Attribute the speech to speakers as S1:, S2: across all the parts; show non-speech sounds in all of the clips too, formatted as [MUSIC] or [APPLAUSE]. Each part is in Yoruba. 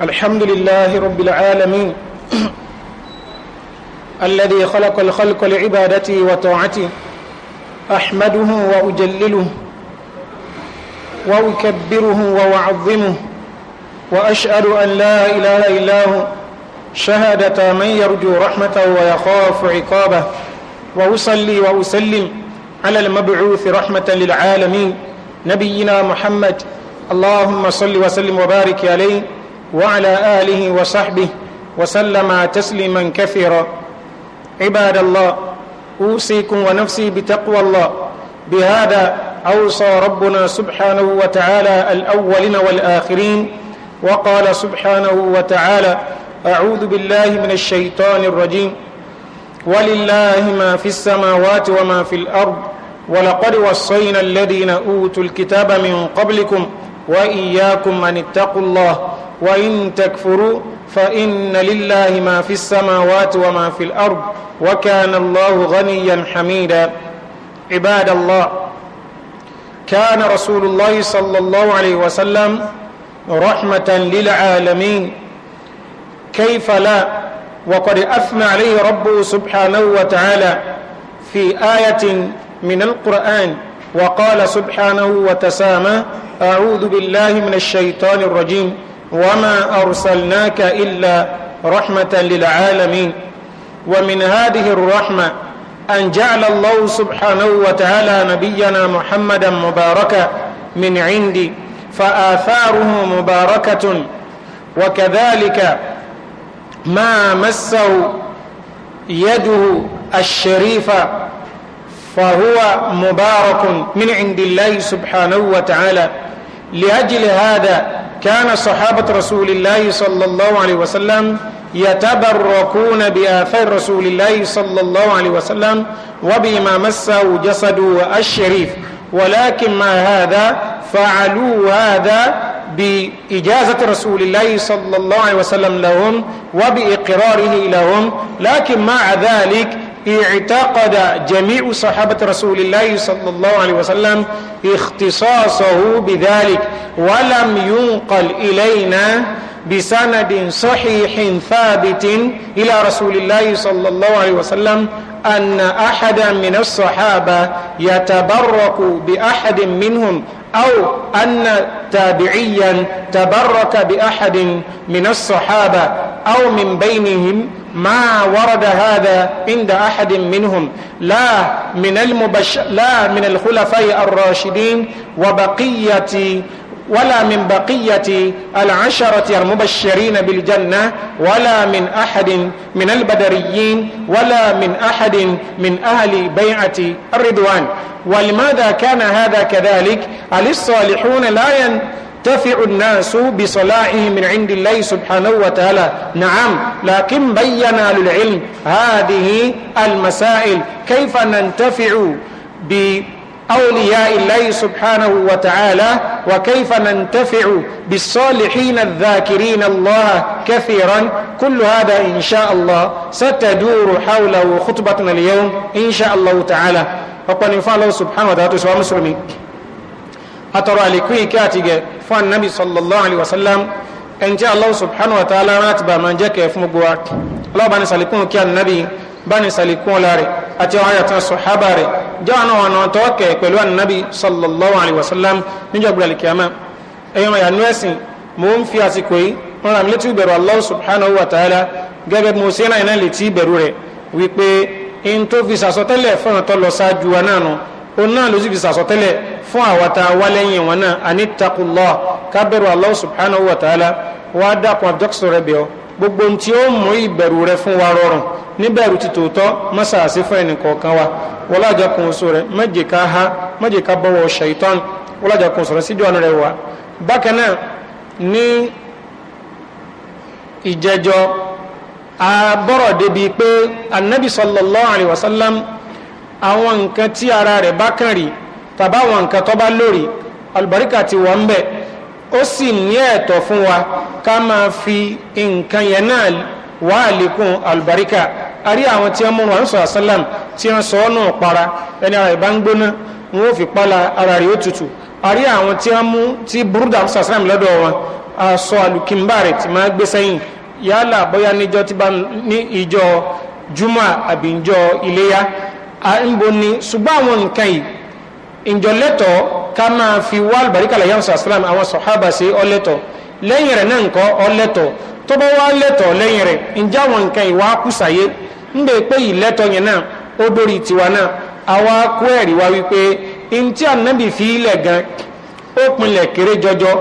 S1: الحمد لله رب العالمين الذي خلق الخلق لعبادته وطاعته أحمده وأجلله وأكبره وأعظمه وأشهد أن لا إله إلا هو شهادة من يرجو رحمته ويخاف عقابه واصلي وأسلم على المبعوث رحمة للعالمين نبينا محمد اللهم صل وسلم وبارك عليه وعلى آله وصحبه وسلم تسليما كثيرا عباد الله أوصيكم ونفسي بتقوى الله بهذا أوصى ربنا سبحانه وتعالى الأولين والآخرين وقال سبحانه وتعالى أعوذ بالله من الشيطان الرجيم ولله ما في السماوات وما في الأرض ولقد وصينا الذين أوتوا الكتاب من قبلكم وإياكم أن اتقوا الله وإن تكفروا فإن لله ما في السماوات وما في الأرض وكان الله غنيا حميدا عباد الله كان رسول الله صلى الله عليه وسلم رحمة للعالمين كيف لا وقد أثنى عليه ربه سبحانه وتعالى في آية من القرآن وقال سبحانه وتسامى أعوذ بالله من الشيطان الرجيم وما أرسلناك إلا رحمة للعالمين ومن هذه الرحمة أن جعل الله سبحانه وتعالى نبينا محمدا مباركا من عندي فآثاره مباركة وكذلك ما مسه يده الشريفة فهو مبارك من عند الله سبحانه وتعالى لأجل هذا كان صحابة رسول الله صلى الله عليه وسلم يتبركون بآثار رسول الله صلى الله عليه وسلم وبما مسه جسده الشريف ولكن ما هذا فعلوا هذا بإجازة رسول الله صلى الله عليه وسلم لهم وبإقراره لهم لكن مع ذلك اعتقد جميع صحابة رسول الله صلى الله عليه وسلم اختصاصه بذلك ولم ينقل إلينا بسند صحيح ثابت إلى رسول الله صلى الله عليه وسلم أن أحدا من الصحابة يتبرك بأحد منهم أو أن تابعيا تبرك بأحد من الصحابة أو من بينهم ما ورد هذا عند أحد منهم لا من, المبش... لا من الخلفاء الراشدين وبقية ولا من بقية العشرة المبشرين بالجنة ولا من أحد من البدريين ولا من أحد من أهل بيعة الرضوان ولماذا كان هذا كذلك هل الصالحون لا ينتفع الناس بصلاحهم من عند الله سبحانه وتعالى نعم لكن بين للعلم هذه المسائل كيف ننتفع بصلاحهم أولياء الله سبحانه وتعالى وكيف ننتفع بالصالحين الذاكرين الله كثيرا كل هذا إن شاء الله ستدور حوله خطبتنا اليوم إن شاء الله تعالى فقال إن الله سبحانه وتعالى سوى مسلمين أترى لكي كاتجة فالنبي صلى الله عليه وسلم إن جاء الله سبحانه وتعالى راتبا من جاك يفمقواك الله بني سالكون كان النبي بني سالكون لاري أتي وعية الصحابة jáwọnà ọ̀nà tọ́ọ̀kẹ̀ pẹ̀lú ànábì sallallahu alayhi wa sallam níjọba alikiyama ẹ̀yọ́mọ̀ yà nú ẹ̀sìn mò ń fi àsìkò yìí wọn ràn mí létí ìbẹ̀rù Allah subhanahu wa ta'ala gẹ́gẹ́ bí mo ṣe náà iná létí ìbẹ̀rù rẹ̀ wípé in tó fi sàsọtẹ́lẹ̀ fún ọ̀tọ́ lọ ṣáájú wa náà nù ó náà ló subhanahu wa ta'ala wá dàpọ̀ àbújọ́kùsọ̀ rẹ̀ bẹ̀ ọ́ gbogbo tí ó mú ìbẹ̀rù rẹ fún wa rọrùn níbẹ̀rù ti tòótọ́ mọ́sàásí fún ẹnì kọ̀ọ̀kan wa wọlájà kun oṣù rẹ méje ká ha méje ká bọ́wọ́ ṣàìtọ́n wọlájà kun sọ̀rọ̀ síjú ọ̀nà rẹ wá bákan náà ní ìjẹjọ abọ́rọ̀ débi pé anabi sallallahu alayhi wa sallam àwọn nǹkan tí ara rẹ̀ bá kàn rí tàbá àwọn nǹkan tó bá lórí àlùbáríkà ti wọ́n ń ó sì ní ẹ̀tọ́ fún wa ká máa fi nǹkan yẹn náà wá àlékún àlùbáríkà a rí àwọn tí wọ́n múra ṣọ́ àṣálàm tí wọ́n sọ ọ́nà para ẹni ara ìbá ń gbóná wọn ò fi pala ara rẹ̀ ó tutù a rí àwọn tí wọ́n mú tí burúdà ṣọ́ àṣálàm lọ́dọ̀ wọn aṣọ àlùkìmbà rẹ̀ ti máa gbé sẹ́yìn yálà bóyá níjọ tí bá ní ìjọ juma àbí ìjọ iléyà à ń bo ni ṣùgbọ́n àwọn nǹkan yìí ìjọlẹ́tọ̀ ká máa fi wal àlùbáríkà lẹ́yìn àwọn sàlám àwọn sọ̀hábà sí ọlẹ́tọ̀ lẹ́yìn rẹ̀ náà nǹkan ọlẹ́tọ̀ tó bá wá lẹ́tọ̀ lẹ́yìn rẹ̀ ǹjẹ́ àwọn nǹkan ìwà kùsàyé ń bè pé ìlẹ́tọ̀ yẹn náà tiwa na awa kú ẹ̀rí wa wípé ntí fi ilẹ̀ gan ó pinlẹ̀ jọjọ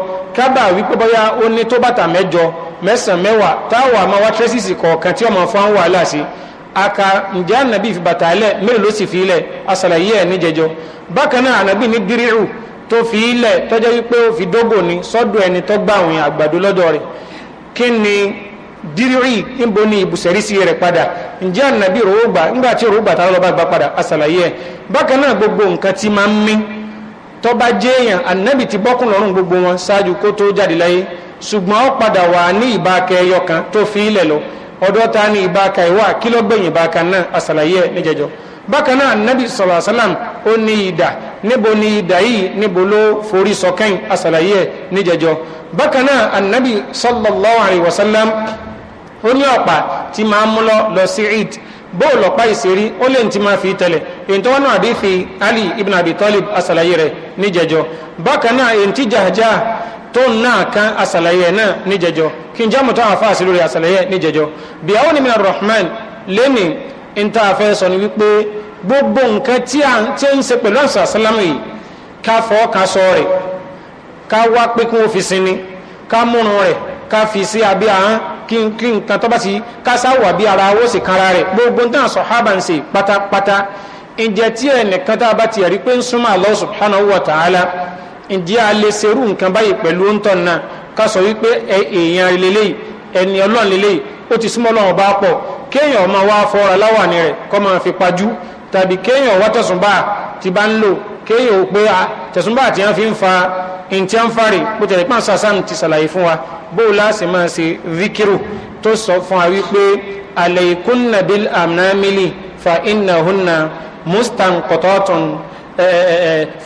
S1: aka ǹjẹ́ fi bata ilẹ̀ mélòó ló sì fi ilẹ̀ asàlàyé ẹ̀ níjẹjọ bákan náà anabi ní dírírù tó fi wípé ó fi dógò ní ẹni tó gbà àgbàdo kí ni dírírù níbo ni ìbùsẹ̀rí sí rẹ̀ padà ǹjẹ́ ànàbí rògbà ńgbà tí rògbà tá lọ́ba gbà padà asàlàyé ẹ̀ bákan gbogbo nǹkan ti máa ń mí gbogbo wọn ṣáájú kó tó jáde láyé ó padà wà ní ọ̀dọ́ ta ni ìbáka ìwà kí ló gbẹ̀yìn ìbáka náà àṣàlàyé ẹ̀ níjẹjọ bákan náà nabi sọlọ asalam ó ní ìdà níbo ni ìdà yìí níbo ló forí sọkẹ́yìn àṣàlàyé ẹ̀ níjẹjọ bákan náà anabi sallallahu alayhi wa sallam ó ní ọ̀pá tí máa ń mú lọ lọ sí eid bóòlù ọ̀pá ìṣeré ó lè ti máa fi tẹ̀lẹ̀ èyí tó wọ́n náà àdéhìí ali ibn abi talib àṣàlàyé rẹ̀ níjẹjọ bákan náà èyí tí jàjà tó náà kan asàlàyé náà níjẹjọ kí n jámù tó àfa àṣírí rẹ̀ asàlàyé níjẹjọ bí àwọn onímọ̀ rahman lẹ́ni ń tá a fẹ́ sọ ni wípé gbogbo nǹkan tí a ti ń ṣe pẹ̀lú àṣà sálámù yìí ká fọ́ ká sọ rẹ̀ ká wá pé kí wọ́n fi sinmi ká múrun rẹ̀ ká fi sí abẹ́ ahọ́n kí nǹkan tó bá ti ká sáwà bí ara ó sì kanra rẹ̀ gbogbo nǹkan sọ̀hábà ń ṣe pátápátá ǹjẹ́ tí ẹnìkan tá a bá ti rí pé ń súnmọ́ Allah subhanahu wa ǹjẹ́ a lè serú nǹkan báyìí pẹ̀lú òǹtọ̀ náà ká sọ wípé èèyàn lélẹ́yìí ẹni ọlọ́run lélẹ́yìí ó ti súnmọ́ ọlọ́run bá pọ̀ kéèyàn máa wá fọ́ra láwàní rẹ̀ kó máa fi pajú tàbí kéèyàn wá tẹ̀sùnbà ti bá ń lò kéèyàn ò pé tẹ̀sùnbà tí wọ́n fi ń fa ntí wọ́n fa rè bó tẹ̀lé pàǹ sàṣàn ti ṣàlàyé fún wa bó o láṣẹ máa ṣe zikiru tó sọ fún wa wípé alaykunna bil amnamili fa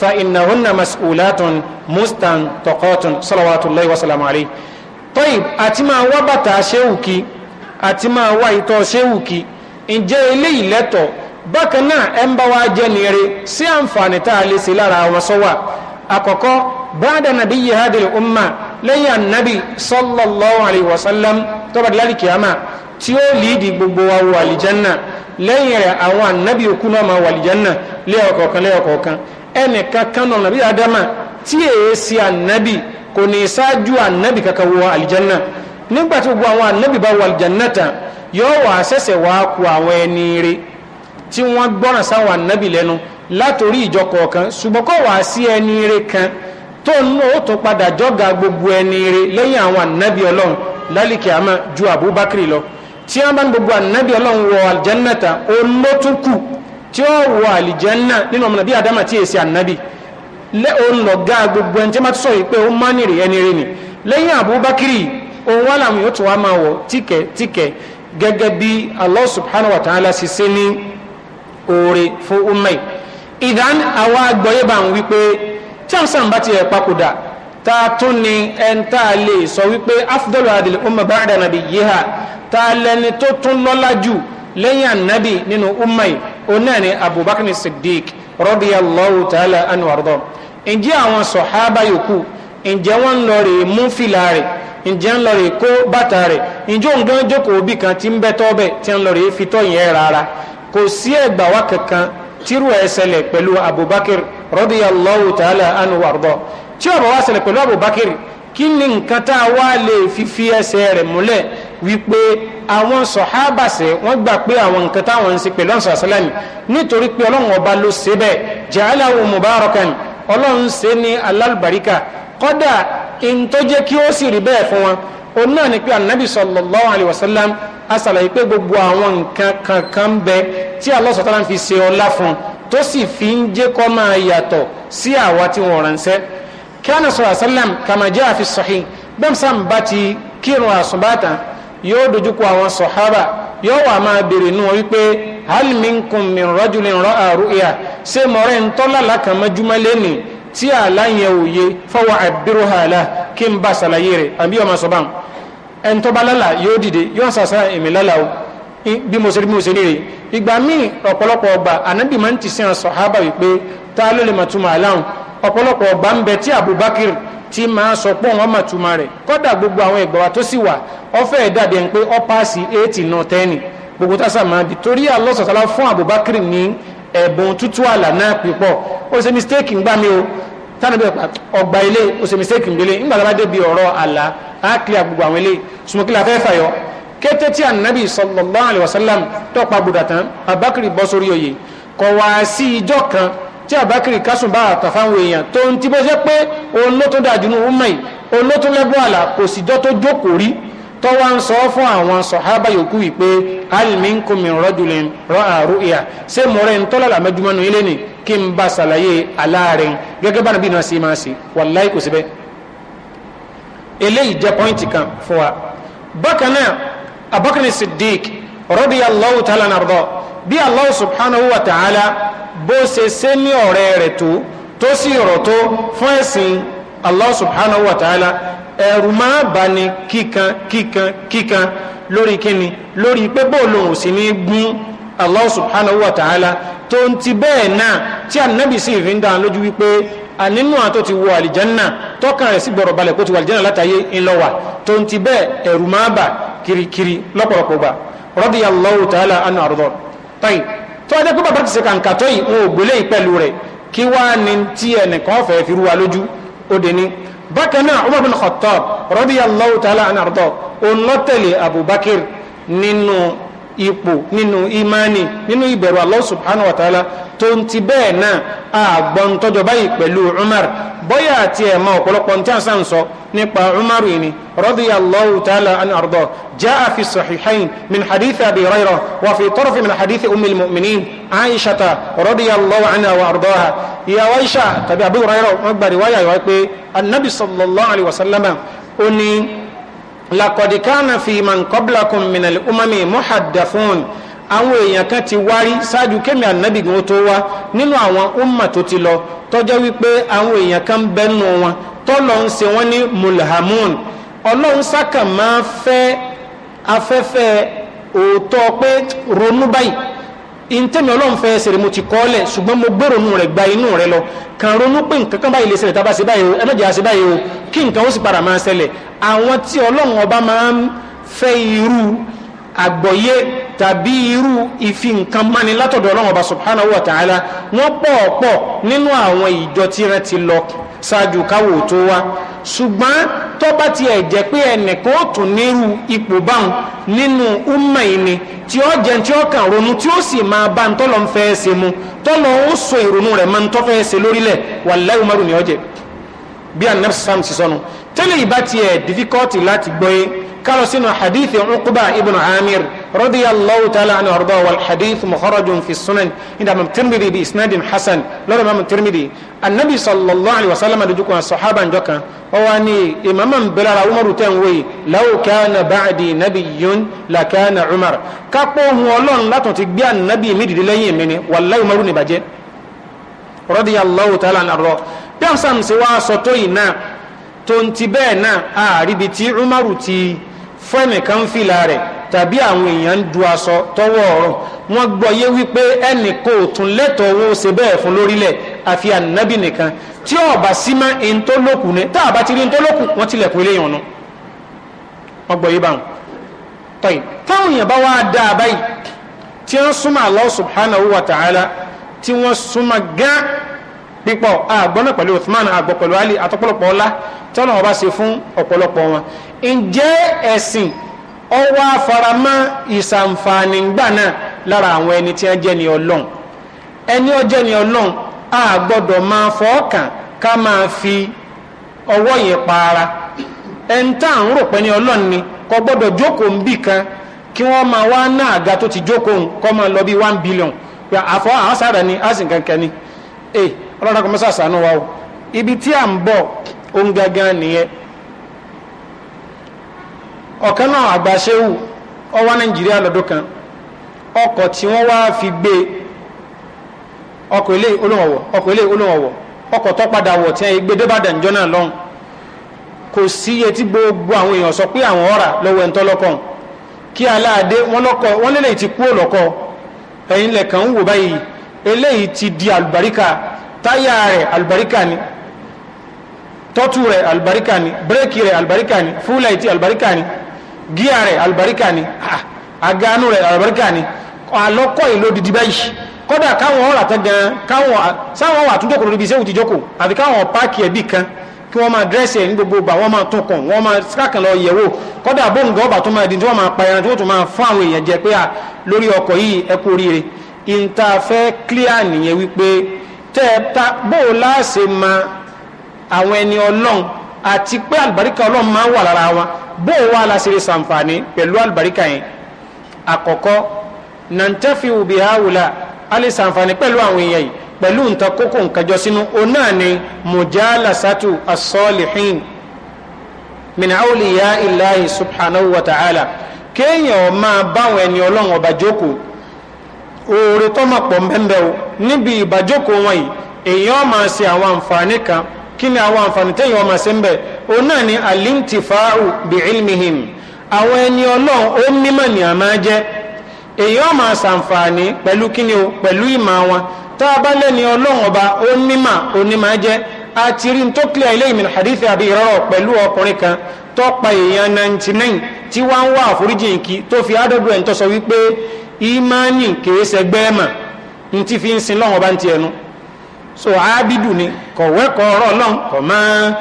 S1: فإنهن مسؤولات مستنطقات صلوات الله وسلام عليه طيب أتما وبتا شوكي أتما وايتو شوكي إن جاي لي لتو bákan náà ẹ ń bá wa jẹ nìire sí àǹfààní tá a lè sí lára àwọn sọ́wà àkọ́kọ́ báàdà nàbí yìí hadil umma lẹ́yìn ànábì sallallahu alayhi wa sallam tó bá di lárí kìámà tí ó lìdí gbogbo wa wọ àlìjánná lẹ́yìn rẹ̀ àwọn ànábì òkú náà máa wàlìjánà lẹ́ọ̀kọ̀ọ̀kan lẹ́ọ̀kọ̀ọ̀kan ẹnì kankan náà nàbí adama tí èé sí ànábì kò ní ṣáájú ànábì kankan wọ àlìjánà nígbà tí gbogbo àwọn ànábì bá wọ àlìjánà tán yóò wà ṣẹ̀ṣẹ̀ wá ku àwọn ẹni rẹ̀ tí wọ́n gbọ́ràn sáwọn ànábì lẹ́nu látòrí ìjọ kọ̀ọ̀kan ṣùgbọ́n kò wá sí ẹni rẹ̀ kan tó ń ó tún padà jọ́ga gbogbo ẹni rẹ̀ lẹ́yìn àwọn ànábì ọlọ́run lálìkẹ́ àmọ́ ju Abubakar lọ tí wọ́n bá ń gbogbo ànábì ọlọ́run wọ àlìjẹ́nàta olótúnkù tí ó wọ àlìjẹ́nà nínú ọmọ nàbí àdámà tí èsì ànábì òun lọ̀gá gbogbo ẹni tí wọ́n ti sọ yìí pé ó má nìrì ẹni rẹ̀ ni lẹ́yìn àbúbákírì òun wà láwọn yóò tún wá máa wọ tíkẹ̀ tíkẹ̀ gẹ́gẹ́ bí Allah subhanahu wa ta'ala sì sí ní oore fún umay ìdán àwa agbọ̀yé bá ń wípé tí àwọn sàǹbá ti ẹ̀ papòdà ta tún ni ẹn tá a lè sọ wípé afdọ́lù adìl ta lẹni tó tún lọ́lá jù lẹ́yìn ànábì nínú ummai onáni abubakar siddiq radiyallahu ta'ala anhu ardo ǹjẹ́ àwọn sọ̀hábà yòókù ǹjẹ́ wọ́n ń lọ rè mú fìlà rẹ̀ ǹjẹ́ ń lọ rè kó bàtà rẹ̀ ǹjẹ́ òun gan jókòó bì kan tí ń bẹ́ tọ́ bẹ̀ tí ń lọ rè fi yẹn rárá kò sí ẹ̀gbà wá kankan tírú ẹ̀ ṣẹlẹ̀ pẹ̀lú abubakar radiyallahu ta'ala anhu ardo tí ọ̀rọ̀ wá ṣẹlẹ̀ pẹ̀lú abubakar kí ni nǹkan tá a wá lè fi fi ẹsẹ̀ rẹ̀ múlẹ̀ wípé àwọn sọ̀hábàṣẹ́ wọ́n gbà pé àwọn nǹkan táwọn ń ṣe pẹ̀lú ọ̀sán àṣálàmì nítorí pé ọlọ́run ọba ló ṣe bẹ́ẹ̀ ja'alahu mubarakan ọlọ́run ṣe ní alálùbáríkà kọ́dà in tó jẹ́ kí ó sì rí bẹ́ẹ̀ fún wọn òun náà ni pé anabi sallallahu alayhi wa sallam asàlàyé pé gbogbo àwọn nǹkan kankan bẹ tí Allah fi ṣe ọlá fún tó sì fi ń jẹ́ kó máa yàtọ̀ sí àwa tí wọ́n ránṣẹ́ kí a nà sọ̀rọ̀ àṣálàm kama bẹ́ẹ̀ sáà bá ti kírun àsùnbátan yóò dojúkọ àwọn sọ̀hábà yóò wà máa bèrè nù wípé hal minkum min rajulin ra'a ru'ya ṣé mọ̀rẹ́ ń tọ́lá lákàn mọ́júmọ́ lẹ́nì tí àlá yẹn ò yé fọwọ́ àbíròhà àlá kí n bá ṣàlàyé rẹ̀ àbí ọmọ sọ báwọn ẹni tó bá lálà yóò dìde yóò sàṣà èmi lálà o bí mo ṣe rí bí mo ṣe rí ìgbà míì ọ̀pọ̀lọpọ̀ ọgbà ànábì ń tì sí sọ̀hábà wípé ta ló lè mà túmọ̀ àláhùn ọ̀pọ̀lọpọ̀ ọgbà ń bẹ tí Abubakar ti máa sọ pé wọn mà túmọ̀ rẹ̀ kódà gbogbo àwọn ìgbàwà tó sì wà ọfẹ ìdàdẹ ń pé ọ paasi náà tẹni gbogbo tá a bi torí àlọsọsọlá fún Abubakar ní ẹ̀bùn tútù àlà náà pípọ̀ ó ṣe mistake ń gbà mí o tánà bí ọgbà ilé ó ṣe mistake ń gbélé ńgbà lábá débi ọ̀rọ̀ àlà á kílẹ̀ gbogbo àwọn ilé sùmọ́kìlà fẹ́ fàyọ kété tí ànábì sallallahu alaihi wasallam tọ́pa gbòdà tán Abubakar bọ́ sórí oyè kọ̀ wá sí ijọ́ kan tí àbákiri kásùn bá àtàfáwọn èèyàn tó ń tí bó ṣe pé òun ló tún dájú ní umar òun ló tún lẹ́bọ̀ àlà kò sì jọ́ tó jókòó rí tó wá ń sọ fún àwọn sọ̀hábà yòókù yìí pé aliminkum min rajulin ra'a ru'ya ṣé mo rẹ̀ ń tọ́lá làmẹ́júmọ́ nu ilé ni kí n bá ṣàlàyé aláàrin gẹ́gẹ́ bá nàbí náà máa ṣe wàláì kò síbẹ̀ eléyìí jẹ́ pọ́ìntì kan fún wa bákan náà abakar siddiq radiyallahu ta'ala anhu bí allah subhanahu wa ta'ala bó ṣe ṣe ní ọ̀rẹ́ rẹ̀ tó tó sì rọ̀ tó fún ẹ̀sìn Allah subhanahu wa ta'ala ẹ̀rù máa bá ní kíkan kíkan kíkan lórí kíni lórí pé bóòlù ò sí ní gún Allah subhanahu wa ta'ala tó ń ti bẹ́ẹ̀ náà tí ànábì sì fi ń dáhùn lójú wípé ànínú àtó ti wọ àlìjánná tọ́kàn rẹ̀ sì gbọ̀rọ̀ balẹ̀ kó ti wọ àlìjánná látàyé ńlọ́wà tó ń ti bẹ́ẹ̀ ẹ̀rù máa bà kirikiri lọ́pọ̀lọpọ̀ gbà radiyallahu ta'ala anhu àrùdọ̀ táyì tó ẹjẹ́ pé bàbá ti ṣe kàǹkà tó yìí wọn ò gbélé ìpẹ̀lú rẹ̀ kí wá ní tí ẹnìkan fẹ́ fi rúwa lójú ó dé ní bákan náà Umar bin Khattab radiyallahu ta'ala anhu àrùtọ̀ Abubakar nínú ipò nínú imani nínú ìbẹ̀rù Allah subhanahu wa ta'ala tó ń ti bẹ́ẹ̀ náà àgbọn tọ́jọ báyìí pẹ̀lú Umar bóyá àti ẹ̀mọ́ ọ̀pọ̀lọpọ̀ tí a sàn sọ nípa Umar ni radiyallahu ta'ala an arda jaa fi sahihayn min hadith abi hurayrah wa fi taraf min hadith ummil mu'minin aishata radiyallahu anha wa ardaha ìyá aisha tàbí abi hurayrah gbà riwaya yìí wá pé annabi sallallahu alaihi wasallam ó ní laqad fi man qablakum umami muhaddathun àwọn èèyàn kan ti wárí ṣáájú kémi ànábì gan tó wá nínú àwọn umma tó ti lọ tọjọ́ wípé àwọn èèyàn kan bẹnu wọn tọ́lọ́ ń ṣe wọ́n ní mulhamun ọlọ́run sákà máa fẹ́ afẹ́fẹ́ òótọ́ pé ronú báyìí ntẹ́mi ọlọ́run fẹ́ ṣeré mo ti kọ́lẹ̀ ṣùgbọ́n mo gbé ronú rẹ̀ gba inú rẹ̀ lọ kàn ronú pé nǹkan kan báyìí lè ṣẹlẹ̀ tábà ṣe báyìí o ẹlẹ́jà ṣe báyìí o kí nǹkan ó sì padà máa ṣẹlẹ̀ àwọn tí ọlọ́run ọba máa ń irú àgbọ̀yé tàbí irú ìfi nǹkan mani látọ̀dọ̀ ọlọ́run ọba subhanahu wa ta'ala wọ́n pọ̀ọ̀pọ̀ nínú àwọn ìjọ tí rẹ ti lọ ṣáájú káwò tó wá ṣùgbọ́n tó bá ti ẹ̀ pé ẹnìkan ó tún nírú ipò báwọn nínú umma ìní tí ó jẹun tí ó kàn ronú tí ó sì máa bá ń tọ́lọ́ ń fẹ́ ṣe mu tọ́lọ́ ó so ìrònú rẹ̀ máa ń tọ́ fẹ́ ṣe lórílẹ̀ wallahi Umaru ni ó jẹ bí anabisam sísọnu tẹ́lẹ̀ ìbá ti ẹ̀ difficulty láti gbọ́ yé قالوا سنة حديث عقبة ابن عامر رضي الله تعالى عنه وارضاه والحديث مخرج في السنن عند امام الترمذي باسناد حسن لولا امام الترمذي النبي صلى الله عليه وسلم دجوكم الصحابه جوكا واني اماما بلا عمر تنوي لو كان بعدي نبي لكان عمر كابو هو لون لا تتبع النبي ميدي لين مني والله عمر نبجي رضي الله تعالى عنه وارضاه بيام سام سوا سوتوي نا تونتي بينا آه ربتي عمر تي fún ẹnìkan fìlà rẹ̀ tàbí àwọn èèyàn ń du aṣọ tọwọ́ ọ̀rọ̀ wọ́n gbọ́yé wípé ẹnì kò tún lẹ́tọ̀ọ́ owó ṣe bẹ́ẹ̀ fún lórílẹ̀ àfi ànábì nìkan tí ọba símá ẹni tó lókù ni tá a bá ti rí ẹni tó lókù wọ́n tilẹ̀kùn ilé yàn nu wọ́n gbọ́yé báwọn tọ́yì táwọn èèyàn bá wá dá a tí wọ́n súnmọ́ Allah subhanahu wa ta'ala tí wọ́n súnmọ́ gán pípọ̀ àgbọ́nà pẹ̀lú Uthman àgbọ̀ pẹ̀lú Ali àtọ́pọ̀lọpọ̀ ọlá tí wọ́n náà wọ́n bá ṣe fún ọ̀pọ̀lọpọ̀ wọn ǹjẹ́ ẹ̀sìn ọwọ́ afaramọ́ ìsànfààní gbà náà lára àwọn ẹni tí wọ́n jẹ́ ni ọlọ́run ẹni ọjẹ́ ni ọlọ́run a gbọ́dọ̀ máa fọ́ọ̀kàn ká máa fi ọwọ́ yẹn pa ara ẹni tá à ń rò ni ọlọ́run ni kò gbọ́dọ̀ jókòó ń bì kan kí wọ́n máa wá ná àga tó ti jókòó kọ́ máa lọ bí one billion pé àfọ́ àwọn sára ni a kankan ni eh, ọlọ́run kò mọ́ sàṣàánú wa o ibi tí à ń bọ̀ òun gangan nìyẹn ọ̀kan náà àgbàṣẹ́wù ọwá nàìjíríà lọ́dún kan ọkọ̀ tí wọ́n wá fi gbé ọkọ̀ ilé olóòwò ọkọ̀ ilé olóòwò ọkọ̀ tó padà wọ̀ tí wọ́n gbé débàdàn jọ náà lọ́hùn kò sí iye tí gbogbo àwọn èèyàn sọ pé àwọn ọ̀rà lọ́wọ́ ẹ̀ ń tọ́lọ́kàn kí aláàdé wọn lọ́kọ̀ wọn lélẹ̀ ti kú òlọ́kọ̀ ẹ̀yìn lẹ̀kàn ń wò báyìí eléyìí ti di àlùbáríkà táyà rẹ̀ àlùbáríkà ni tọ́tù rẹ̀ albarika ni bírèkì rẹ̀ albarika ni fúláìtì albarika ni gíà rẹ̀ albarika ni àgánú rẹ̀ albarika ni alọ́kọ̀ ìlò didi báyìí kódà káwọn ọ̀rọ̀ àtẹ́gàn káwọn sáwọn wà tún jókòó níbi iṣẹ́ òtí jókòó àfi káwọn páàkì ẹ̀bì kan kí wọ́n máa dírẹ́sì ẹ̀ ní gbogbo ọba wọ́n máa tún kàn wọ́n máa síkàkàn lọ yẹ̀wò kódà bóńgá ọba tó máa di tí wọ́n máa pa tí wọ́n tún máa fún àwọn èèyàn jẹ pé à lórí ọkọ̀ yìí ẹ kú oríire ìntàfẹ́ clear nìyẹn wípé tẹ́ẹ̀ ta bó o láàṣẹ máa àwọn ẹni ọlọ́run àti pé àlùbáríkà ọlọ́run máa ń wà lára wọn bó wà láṣẹlẹ̀ sàǹfààní pẹ̀lú àlùbáríkà yẹn àkọ́kọ́ nàǹtẹ́fì òbí àwùlà alẹ́ sàǹfààní pẹ̀lú àwọn èèyàn yìí pẹ̀lú nǹkan kókó nǹkan jọ sínú òun náà ni mujalasatu as-salihin min awliya illahi subhanahu wa ta'ala kéèyàn máa báwọn ẹni ọlọ́run ọba jókòó oore tọ́mọ̀ pọ̀ mbẹ́mbẹ́ o níbi ìbàjókòó wọn yìí èèyàn máa ṣe àwọn àǹfààní kan kí ni àwọn àǹfààní tẹ́yìn ọmọ sí ń o náà ni alimtifa'u bi ilmihim àwọn ẹni ọlọ́run ó mímọ̀ ní àmá jẹ́ èyí ọmọ àṣàǹfààní pẹ̀lú kí ni o pẹ̀lú ìmọ̀ wọn tá a bá lẹ́ni ọlọ́run ọba ó mímọ̀ onímọ̀ jẹ́ a ti rí tó kílẹ̀ ilé ìmìn hadithi àbí ìrọ̀rọ̀ pẹ̀lú ọkùnrin kan tó pa èèyàn 99 tí wá ń wá àforíjì nkí tó fi ádọ́dọ̀ ẹ̀ ń tọ́sọ wípé ìmánì kìí ṣẹgbẹ́ mà ń ti fi ń sin lọ́wọ́ bá ń ti ẹnu so ábídù ni kọ̀wẹ́kọ̀ ọ̀rọ̀ náà kọ̀ máa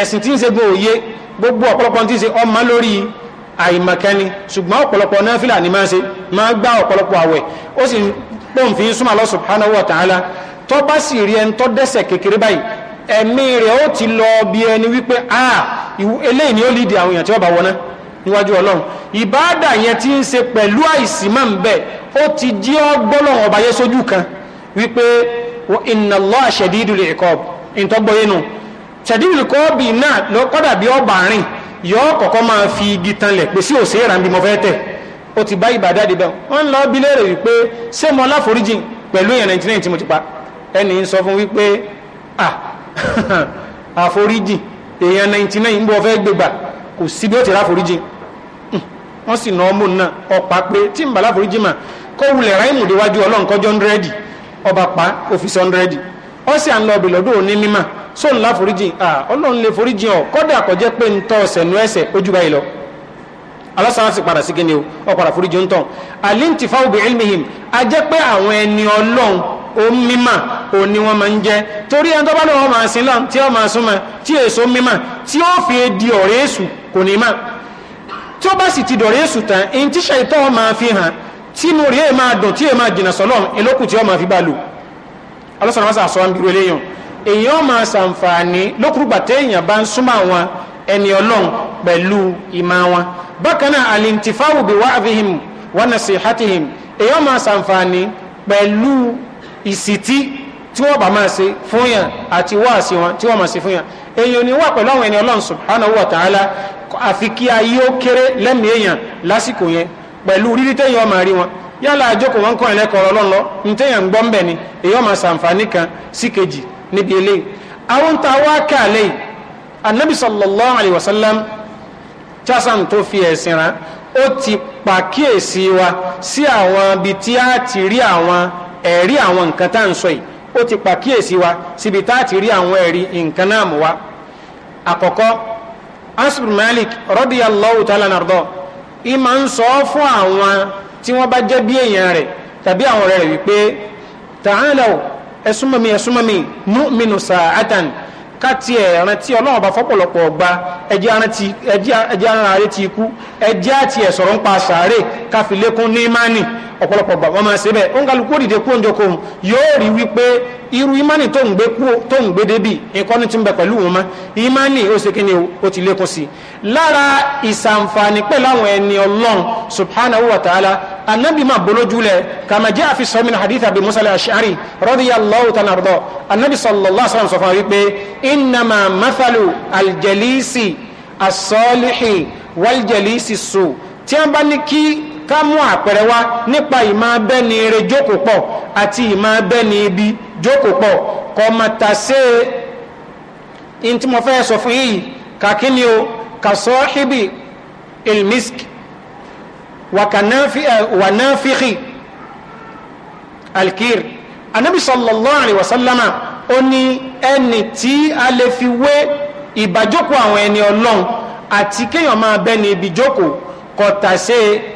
S1: ẹ̀sìn tí ń ṣe gbòòye gbogbo ọ̀pọ̀lọpọ̀ tí ń ṣe ọmọ lórí àìmọ̀kẹ́ni ṣùgbọ́n ọ̀pọ̀lọpọ̀ náfìlà ni máa ṣe máa gbá ọ̀pọ̀lọpọ̀ àwẹ̀ ó sì pòun fi ń súnmọ́ Allah subhanahu wa ta'ala tó bá sì rí ẹni tó ti lọ bí a eléyìí ni ó lìdí àwọn èèyàn tí wọ́n bá wọná níwájú ọlọ́run ìbáàdà yẹn ti ń ṣe pẹ̀lú àìsí máa wípé inna Allah shadidul iqab ìtọ́gbọ́yénu shadidul iqab náà lọ́kọ́dà bí ọba rìn yọ kọ̀kọ́ máa fi igi tanlẹ̀ pé sí òsè ìrànbí mo tẹ̀ o ti bá ìbàdí àdìbẹ́ wọn lọ bí léèrè wípé ṣé mo láforíjì pẹ̀lú ìyẹn 99 tí mo ti pa ẹni sọ fún wípé ah èèyàn [LAUGHS] 99 ń bọ́ fẹ́ gbégbà kò sí bí ó ti ráforíjì hmm. wọ́n sì nà ọmọ náà ọ̀pá pé tí ń bá láforíjì mà kó wulẹ̀ ráìmù ọba pa òfìsì ọ̀ndẹ̀rẹ̀dì ọ sì à ń lọ ọbẹ̀ lọ́dọ̀ òní mímà só ńlá foríjìn à ọlọ́run lè foríjìn ọ kọ́dà kò jẹ́ pé ń tọ́ ọ̀sẹ̀ nú ẹ̀sẹ̀ ojú báyìí lọ alásán sì padà sí kí ni o ọ padà foríjìn ń tàn àlíntífà òbí ilmihim a jẹ́ pé àwọn ẹni ọlọ́run òun mímà òun ni wọ́n máa ń jẹ́ torí ẹni tó bá lọ́wọ́ máa sin lọ́n tí ó máa súnmọ́ tí èso mímà tí ó fi di ọ̀rẹ́ èṣù kò ní mà tí ó bá sì ti dọ̀rẹ́ èṣù tán èyí tíṣà tínú rí èèmà dùn tí èèmà jìnà sọ́lọ́m elókù tí ó máa fi bá lù ọlọ́sọ̀rọ̀ wọ́n sàṣọ́ ń bírú eléyàn èèyàn máa sàǹfààní lókùrùgbà téèyàn bá ń súnmọ́ àwọn ẹni ọlọ́run pẹ̀lú ìmọ̀ wọn bákan náà alintifawu bi wa'dhihim wa nasihatihim èèyàn máa ni wà pẹ̀lú àwọn ẹni ọlọ́run subhanahu wa ta'ala àfi kí ayé ó kéré lẹ́mìí èèyàn lásìkò yẹn pẹ̀lú rírí téèyàn ọmọ rí wọn yálà àjókòó wọn kọ́ ẹ̀lẹ́kọ̀ọ́ ọlọ́run lọ ní téèyàn ń gbọ́ ń bẹ̀ ni èyàn máa ṣàǹfààní kan sí kejì níbi eléyìí àwọn tá a wá kà lẹ́yìn anabi sallallahu alayhi wa sallam chasan tó fi ẹ̀sìn rán ó ti pàkíyèsí wa sí àwọn ibi tí a ti rí àwọn ẹ̀rí àwọn nǹkan tá à ń sọ yìí ó ti pàkíyèsí wa síbi tá a ti rí àwọn ẹ̀rí nǹkan náà mú wa àkọ́kọ́ asbr malik radiyallahu ta'ala anhu ìmọ̀ ń sọ fún àwọn tí wọ́n bá jẹ́ bí èèyàn rẹ̀ tàbí àwọn ọ̀rẹ́ rẹ̀ wípé ta'alaw ẹ̀súnmọ̀mí ẹ̀súnmọ̀mí nu'minu sa'atan káti ẹ̀ran tí ọlọ́run bá fọ́pọ̀lọpọ̀ ọgbà ẹjẹ́ ara rẹ̀ ti ikú ẹjẹ́ àti ẹ̀sọ̀rọ̀ ń pa sàárè káfílékún ní mánì ọ̀pọ̀lọpọ̀ gbà wọ́n máa ṣe bẹ́ẹ̀ ó ń kálukú òdìdé kú òǹjọkòhùn yóò rí wípé irú imani tó ń gbé kú tó ń gbé débì nǹkan ní ti ń bẹ pẹ̀lú wọn mọ́ imani ó ṣe kíni ó ti lékún sí i lára ìsànfàní pẹ̀lú àwọn ẹni ọlọ́run subhanahu wa ta'ala anabi máa bolójú lẹ kama jẹ́ àfi sọ́mi ní hadith abi musa al-ash'ari radiyallahu ta'ala rọ̀ anabi sallallahu alaihi wasallam sọ fún wípé ká mú àpẹẹrẹ wá nípa ìmọ̀ abẹ́ni eré jókòó pọ̀ àti ìmọ̀ abẹ́ni ibi jókòó pọ̀ kọ́ máa ta sí e ní tí mo fẹ́ sọ fún yìí kàkí ni o kà sọ ibi ilmisk wà náà fìhì alkir anabi sallallahu alayhi wa sallama ó ní ẹni tí a lè fi wé ìbàjókòó àwọn ẹni ọlọ́run àti kéèyàn máa bẹ́ni ibi jókòó kọ́ta sí e.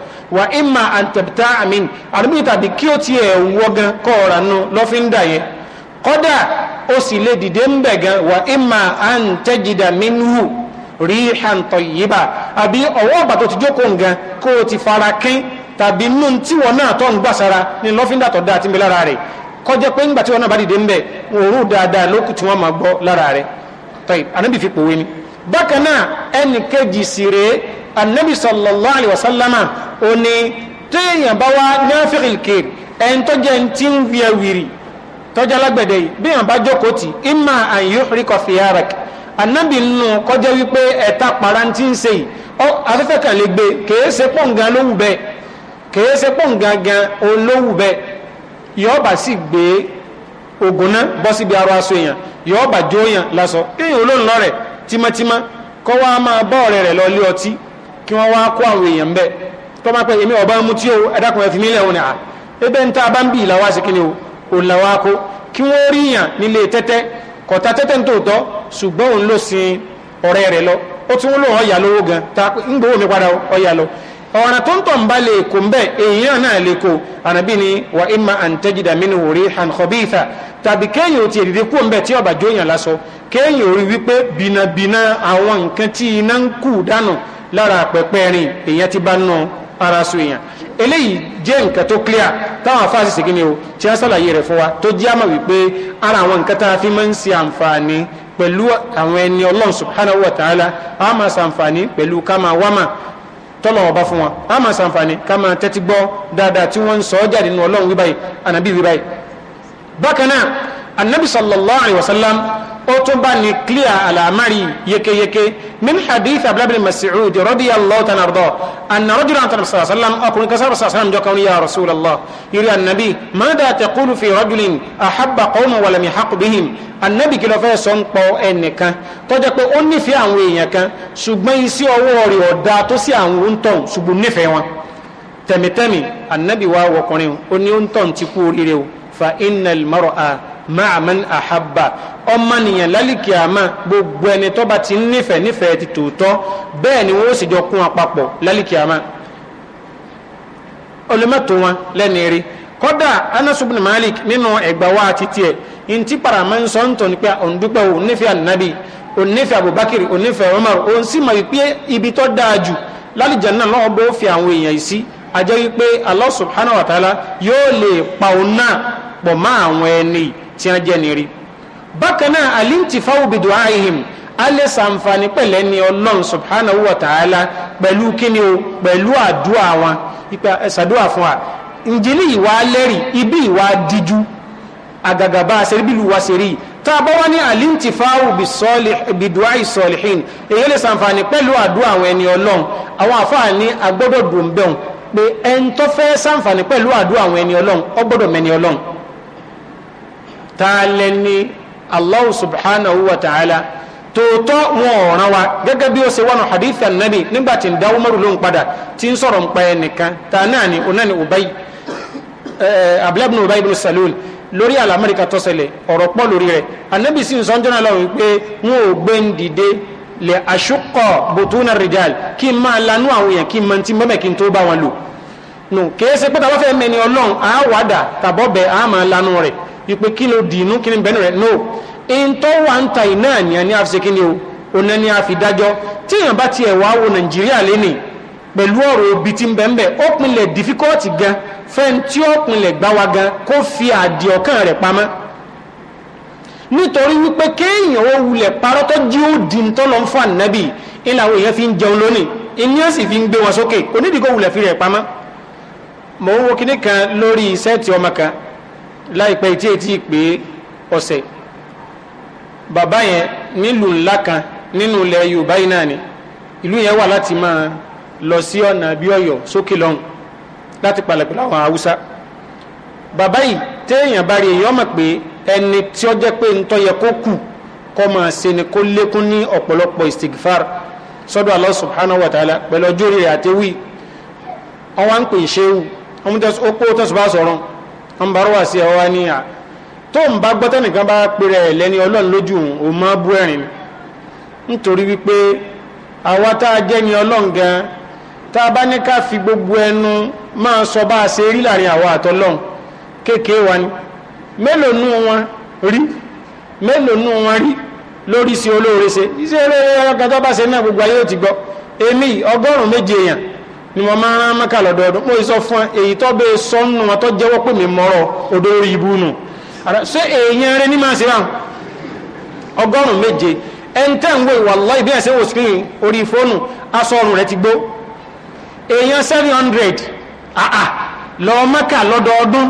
S1: wà ìmà àǹtẹ̀pẹ̀tà àmìn àdúgbò tàbí kí ó ti ẹ̀ wọ́ gan kọ́ ọ̀rà nu lọ́fíńdà yẹn kọ́dà ó sì lè dìde ń bẹ̀ gan wà ìmà àǹtẹ̀jìdà mínú rí hàǹtọ̀ yìí bà àbí ọwọ́ ọ̀bà tó ti jókòó ngan kó o ti fara kín tàbí nù tí wọn náà tọ́ ń gbà sára ní lọ́fíńdà tó dáa ti ń bẹ lára rẹ̀ kọjá pé ńgbà tí wọn náà bá dìde ń bẹ òórùn dáadáa lókù tí wọn máa gbọ́ lára rẹ̀ tọ́yì ànábì fi ni bákan náà ẹnì kejì sì rèé anabi sallallahu alayhi wa sallama ó ní téèyàn bá wá náfíìl ké ẹn tó jẹ́ ń tí ń fi ẹwìrì tọ́jà lágbẹ̀dẹ̀ yìí bí yàn bá jókòó tì imma an yuhrika fiyarak anabi nù kọjá wípé ẹ̀ta parantí ń sèyí afẹ́fẹ́ kan lè gbé kèé ṣe pọ̀ nǹkan lówù bẹ́ẹ̀ kèé ṣe pọ̀ nǹkan gan olówù bẹ́ẹ̀ yọọba sì gbé ogun náà bọ́ síbi ara aṣọ èèyàn yọọba jó èèyàn lásọ kéèyàn olóńlọ rẹ̀ tímọ́tímọ́ kọ́ wa máa bọ́ ọ̀rẹ́ rẹ̀ lọ lé ọtí kí wọ́n wá kó àwọn èèyàn bẹ́ẹ̀ tó máa pẹ́ èmi ọ̀bá mú tí ó ẹ̀dàkùn ẹ̀fì mílẹ̀ òun ni à ẹbẹ̀ ń ta bá ń bì ìlàwá sí kí ni ò làwá kó kí wọ́n rí yàn nílé tẹ́tẹ́ kọ̀tà tẹ́tẹ́ ń tòótọ́ ṣùgbọ́n òun ló sin ọ̀rẹ́ rẹ̀ lọ ó tún lò ọ̀yà lówó gan ta ń gbowó mi padà ọ̀yà lọ ọ̀nà tó ń tọ̀ ń bá lè kó ń bẹ́ẹ̀ èèyàn náà lè kó ànàbí ni wà lára àpẹpẹ rìn èèyàn ti bá nù ara sùn èèyàn eléyìí jẹ́ nǹkan tó clear táwọn afáàsì sì kíni o tí wọ́n ṣàlàyé rẹ̀ fún wa tó jẹ́ àmọ̀ wípé ara àwọn nǹkan tá a fi máa ń ṣe àǹfààní pẹ̀lú àwọn ẹni ọlọ́run subhanahu wa ta'ala a máa ṣàǹfààní pẹ̀lú ká máa wá ọba fún wa a máa ṣàǹfààní ká máa tẹ́tí dáadáa tí wọ́n ń sọ jáde nínú ọlọ́run wíbáyìí ànábì wíbáyìí bákan náà ànábì sallallahu alayhi wa sallam ó tún bá ní clear alamari yekeyeke min hadith abdulabil mas'ud radiyallahu ta'ala arda anna rajulan ta rasul sallam akun ka sallam sallam jo kan ya rasul allah yuri annabi madha taqulu fi rajulin ahabba qawma wa lam yahaq bihim annabi kí ló fẹ́ sọ npo ẹnìkan tó jẹ́ pé ó ní fi àwọn èyàn kan ṣùgbọ́n isi ọwọ́ rẹ̀ oda tó sí àwọn un ton ṣùgbọ́n ní fẹ́ wọn temi temi annabi wa wo ó ní un ti kú rire o fa innal mar'a ma'a man ahabba ọmọnìyàn lálìkì àmà gbogbo ẹni tó bá ti nífẹ̀ẹ́ nífẹ̀ẹ́ ti tòótọ́ bẹ́ẹ̀ ni wọ́n sì jọ kún apapọ̀ lálìkì àmà olùmọ̀tò wọn lẹ́ni rí kódà Malik nínú ẹgbà wa títí ntí parama ń tọ́ pé ànábì ibi tó dáa jù náà lọ́wọ́ bó tí wọ́n jẹ́ bákanáà alintifáwò bìdù àìhìm alẹ́ sàǹfààní pẹ̀lẹ́ ni ọlọ́run subhanahu wa ta'ala pẹ̀lú kíni o pẹ̀lú àdúrà wọn ipa ẹ̀sàdúrà fún wa ìjìnlẹ̀ ìwà lẹ́rì ibi ìwà díjú àgàgàbà àṣẹríbìlú wa ṣe tá a bá wá ní alintifáwò bìdù àìsọ̀lìhìn èyí lè sàǹfààní pẹ̀lú àdúrà àwọn ẹni ọlọ́run àwọn àfààní agbọ́dọ̀ dùn bẹ́ẹ̀ pé ẹn tó fẹ́ àdúrà àwọn ẹni ọlọ́run ọgbọ́dọ̀ mẹ́ni ọlọ́run tá a allah subhanahu wa ta'ala tòótọ́ wọn ọ̀ràn wa gẹ́gẹ́ bí ó ṣe wọnà hadith annabi nígbà tí ń dá umaru ló ń padà tí ń sọ̀rọ̀ ń pa ẹ nìkan ta náà ni ọ̀nà ni ubay abdullahi ibn ubay ibn salul lórí alamẹ́ríkà tó ṣẹlẹ̀ ọ̀rọ̀ pọ̀ lórí rẹ̀ annabi sì ń sọ jọ́nà lọ wípé wọn ò gbé ń dìde lè àṣùkọ̀ bùtúnà rìjàl kí n máa lanú àwọn èèyàn kí n máa ti kí n tó bá wọn lò nù kìí ìpè kí ló dì inú kí ni bẹ́ẹ̀ rẹ̀ no ìntọ́ wa ń ta iná ni a ní àfi kí ni o òun ni a fi dájọ́ tí èèyàn bá tiẹ̀ wá wo nàìjíríà lénìí pẹ̀lú ọ̀rọ̀ òbí tí ń bẹ̀ ń bẹ̀ ó pinlẹ̀ difficult gan fẹ́ni tí ó pinlẹ̀ gbá wa gan kó fi àdì ọ̀kan rẹ̀ pamọ́ nítorí wípé kéèyàn ó wulẹ̀ parọ́ tó jí ó di tó lọ ń fún ànábì ìlàwọ̀ èèyàn fi ń jẹun lónìí ìníyàn sì fi ń gbé wọn sókè onídìí kó wulẹ̀ fi rẹ̀ pamọ́ mò ń wo kinní kan lórí iṣẹ́ ti ọmọ kan láìpẹ́ tí etí pé ọ̀sẹ̀ bàbá yẹn nílùú ńlá kan nínú ilẹ̀ Yorùbá yìí náà ni ìlú yẹn wà láti máa lọ sí ọ̀nà bí Ọ̀yọ́ sókè lọ́hùn láti palẹ̀pẹ̀ láwọn Haúsá bàbá yìí téèyàn bá rí èèyàn mọ̀ pé ẹni tí ọ jẹ́ pé ń kọ yẹ kó kù kọ́ máa ṣe ni kó lékún ní ọ̀pọ̀lọpọ̀ istigfar sọ́dọ̀ Allah subhanahu wa ta'ala pẹ̀lú ọjọ́ rẹ̀ àtẹ́wì ń pè ṣéwù ó kó sọ̀rọ̀ ń bá rọ́wà sí ọwá ní à tó ń bá gbọ́tẹ́ nìkan bá pèrè ẹ̀ lẹ́ni ọlọ́run lójú ò mọ́ bú ẹ̀rìn nítorí wípé àwa tá a jẹ́ ni ọlọ́run gan tá a bá ní ká fi gbogbo ẹnu máa sọ bá a ṣe rí láàrin àwa àtọlọ́run kéèké wa ni mélòó nú wọn rí mélòó nú wọn rí lórí sí olóore ṣe iṣẹ́ olóore ọlọ́kan bá ṣe náà gbogbo ayé ò ti gbọ́ èmi ọgọ́rùn-ún méje èèyàn ni wọn máa ń rán mẹ́kà lọ́dọọdún mo sọ fún ẹ èyí tó bẹ sọnù wọn tó pé mi mọ́rọ̀ odò orí ibú nù ṣé èyí ẹrẹ ní màá síra ọgọ́rùn méje ẹni tẹ́ ń wò wallahi bí ẹ̀sẹ̀ wò screen orí fóònù aṣọ rẹ ti gbó èèyàn seven hundred Ah lọ mẹ́kà lọ́dọọdún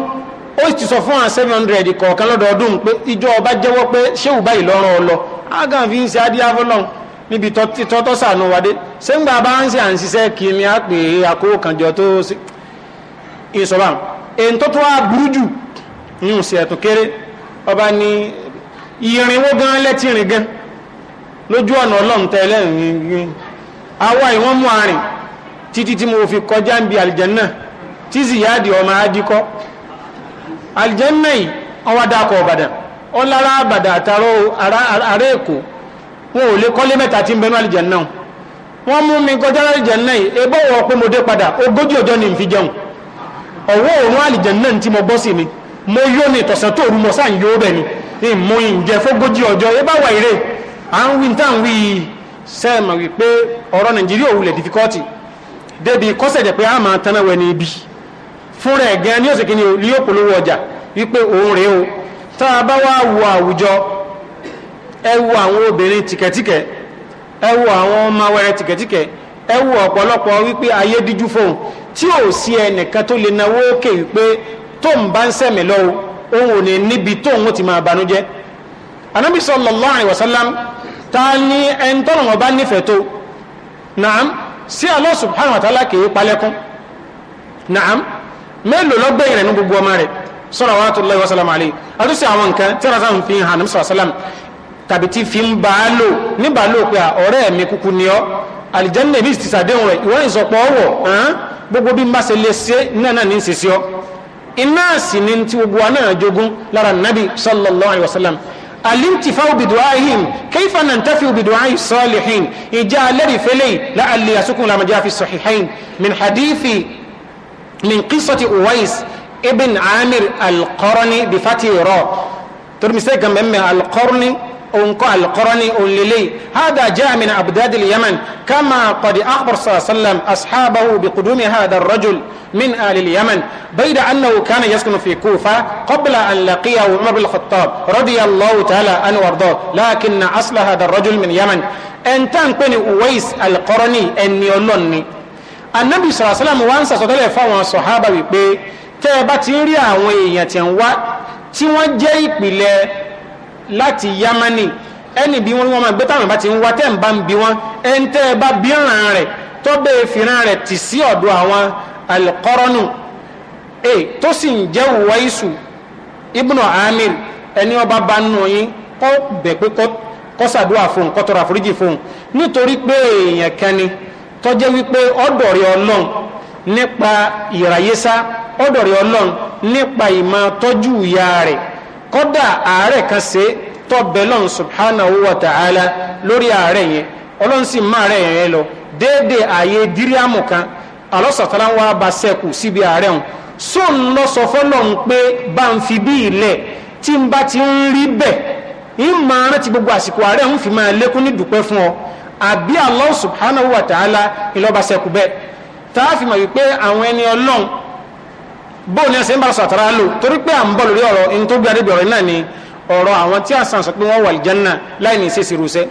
S1: ó ti sọ fún àwọn seven hundred kọ̀ọ̀kan lọ́dọọdún pé ìjọ ọba jẹ́wọ́ pé ṣéwù báyìí lọ́rọ̀ ọ lọ ágàn fi ń ṣe adíyá fọlọ́run níbi tọ́tọ́ sànú wadé sẹ́ńgbà bá ń ṣe à ń ṣiṣẹ́ kí ni a pè é àkówó kànjọ tó ṣe ìṣọ̀bà tó jù ní òsì ẹ̀tún kéré ọba ní ìrìnwó gan lẹ́tìrìn gan lójú ọ̀nà ọlọ́run tẹ́lẹ̀ àwa ìwọ́n mú àrìn títí tí mo fi kọjá ń bi àlìjẹ́nà tí ziyadi ọmọ adikọ́ àlìjẹ́nà yìí dákọ̀ ọ̀bàdàn àbàdà àtàrọ̀ èkó wọn ò lè kọ́lé mẹ́ta tí ń bẹnu àlìjẹ̀nà wọ́n mú mi kọjá àlìjẹ̀nà yìí ebó wọ pé mo dé padà ogójì ọjọ́ ni n fi jẹun ọ̀wọ́ òórùn àlìjẹ̀nà tí mo bọ́ sí mi mo yó ni tọ̀sán tó rú mọ́ sáà ń ni ìmú ìjẹ́ fógójì ọjọ́ ebá wà ire à ń wí tá à ń wí sẹ́ẹ̀mà wípé ọ̀rọ̀ nàìjíríà débi kọ́sẹ̀dẹ̀ a máa o ẹ wo àwọn obìnrin tìkẹ̀tìkẹ̀ ẹ wo àwọn ọmọ wẹrẹ tìkẹ̀tìkẹ̀ ẹ wo ọ̀pọ̀lọpọ̀ wípé ayé díjú fóun tí ò sí ẹnìkan tó lè náwó òkè wípé tóun bá ń sẹ̀mí lọ́wọ́ òun ò ní níbi tóun ti máa banújẹ́ anabi sallallahu alaihi wasallam ta ni ẹni tọ́nà wọn bá nífẹ̀ẹ́ tó naam sí Allah subhanahu wa ta'ala kìí palẹ́kún naam mélòó lọ́gbẹ̀yìn rẹ̀ ní gbogbo ọmọ rẹ̀ salawatullahi wa sallam alayhi àtúnṣe àwọn nǹkan tí a rà sáà ń fi hàn ní sọ̀rọ̀ sálám tàbí tí fi ń bá a lò níbà lò pé ọ̀rẹ́ mi kúkú ni ọ́ àlìjẹ́nà ìbí ti sàdéhùn rẹ̀ ìwọ́n ìsọpọ̀ ọ̀wọ̀ gbogbo bí n bá ṣe lè ṣe náà náà ní í ṣe sí ọ iná sì ni ti gbogbo wa náà jogún lára nàbì sallallahu alayhi wa sallam alintifaw bidu'ahim kayfa nantafi'u bidu'a'i salihin ija alladhi falay la'alli yasukun lama jaa fi sahihayn min hadithi min qissati uwais ibn amir al-qarni bi fatira turmise gambe al onko alqorani onlele hada jaa min abdad alyaman kama qad akhbar sa sallam ashabahu biqudumi hada arrajul min ali alyaman bayda annahu kana yaskunu fi kufa qabla an laqiyahu umar bin alkhattab radiyallahu ta'ala anhu warda lakinna asla hada arrajul min yaman entan peni uwais alqorani enni olonni annabi sa sallam wa ansa sotale fa wa sahaba wí pé tẹ́ bá tin rí àwọn èyàn tin láti yamani ẹni bí wọn wọn máa gbé táwọn bá ti ń wá tẹ́ ń bá ń bí wọn ẹni tẹ́ ẹ bá bí ràn rẹ̀ tó bẹ́ẹ̀ fìràn rẹ̀ tì sí ọ̀dọ̀ àwọn alikọ́rọ́nù ẹ tó sì ń jẹ́ wáyísù ibnu amir ẹni ọba bá nù yín kọ́ bẹ̀ pé kọ́ sàdúrà fún un kọ́ tọrọ àforíjì fún un nítorí pé èèyàn kẹni tó jẹ́ wípé ọ̀dọ̀ ọlọ́run nípa ìràyésá ọ̀dọ̀ ọlọ́run nípa ìmọ̀ tọ́jú ìyá rẹ̀ kọ́dà ààrẹ kan ṣe tọ lọ́n subhanahu wa ta'ala lórí ààrẹ yẹn ọlọ́run sì máa rẹ̀ yẹn lọ déédéé ààyè díríàmù kan alọ́sàtàlá wa bá sẹ́kù síbi ààrẹ hàn só lọ sọ fọ́lọ́run pé bá ń fi bí ilẹ̀ tí ń bá ti ń rí ń máa rántí gbogbo àsìkò ààrẹ ń bó ní ẹsẹ̀ ń bára sàtàrà lò torí pé à ń bọ̀ lórí ọ̀rọ̀ in tó gbé adébẹ̀ ọ̀rọ̀ náà ni ọ̀rọ̀ àwọn tí a sàn sọ pé wọ́n wà lìjánná láì ní ṣe ṣèrúṣẹ́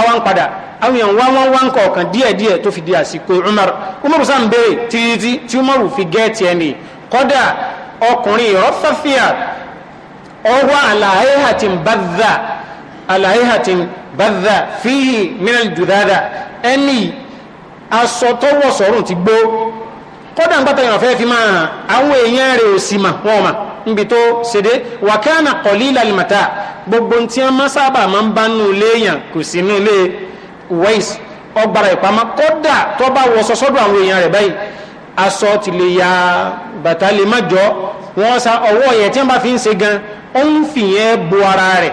S1: àwọn padà àwọn èèyàn wá wọn wá ń kọ̀ọ̀kan díẹ̀ díẹ̀ tó fi di àsìkò Umar Umar sàn béèrè títí tí Umar fi gẹ́ẹ̀tì ẹ̀ ni kọ́dà ọkùnrin ìrọ́fẹ́fíà ọwọ́ àlàáhàtì bàdà bàdà fíhì kódà nígbàtà yàn fẹ́ fi máa hàn àwọn èèyàn rẹ̀ ò sì mà wọ́n mà níbi tó ṣèdè wàkánà kọ̀lílà lìmọ̀tà gbogbo tí wọ́n máa sábà máa ń bá nù léèyàn kò sí nù lé wẹ́ẹ̀sì ọgbàrà ìpamọ́ kódà tó bá wọ sọ́sọ́dọ̀ àwọn èèyàn rẹ̀ báyìí aṣọ ti lè ya bàtà lè má jọ wọ́n sa ọwọ́ yẹn tí wọ́n bá fi ń ṣe gan ó ń fìyẹn bo ara rẹ̀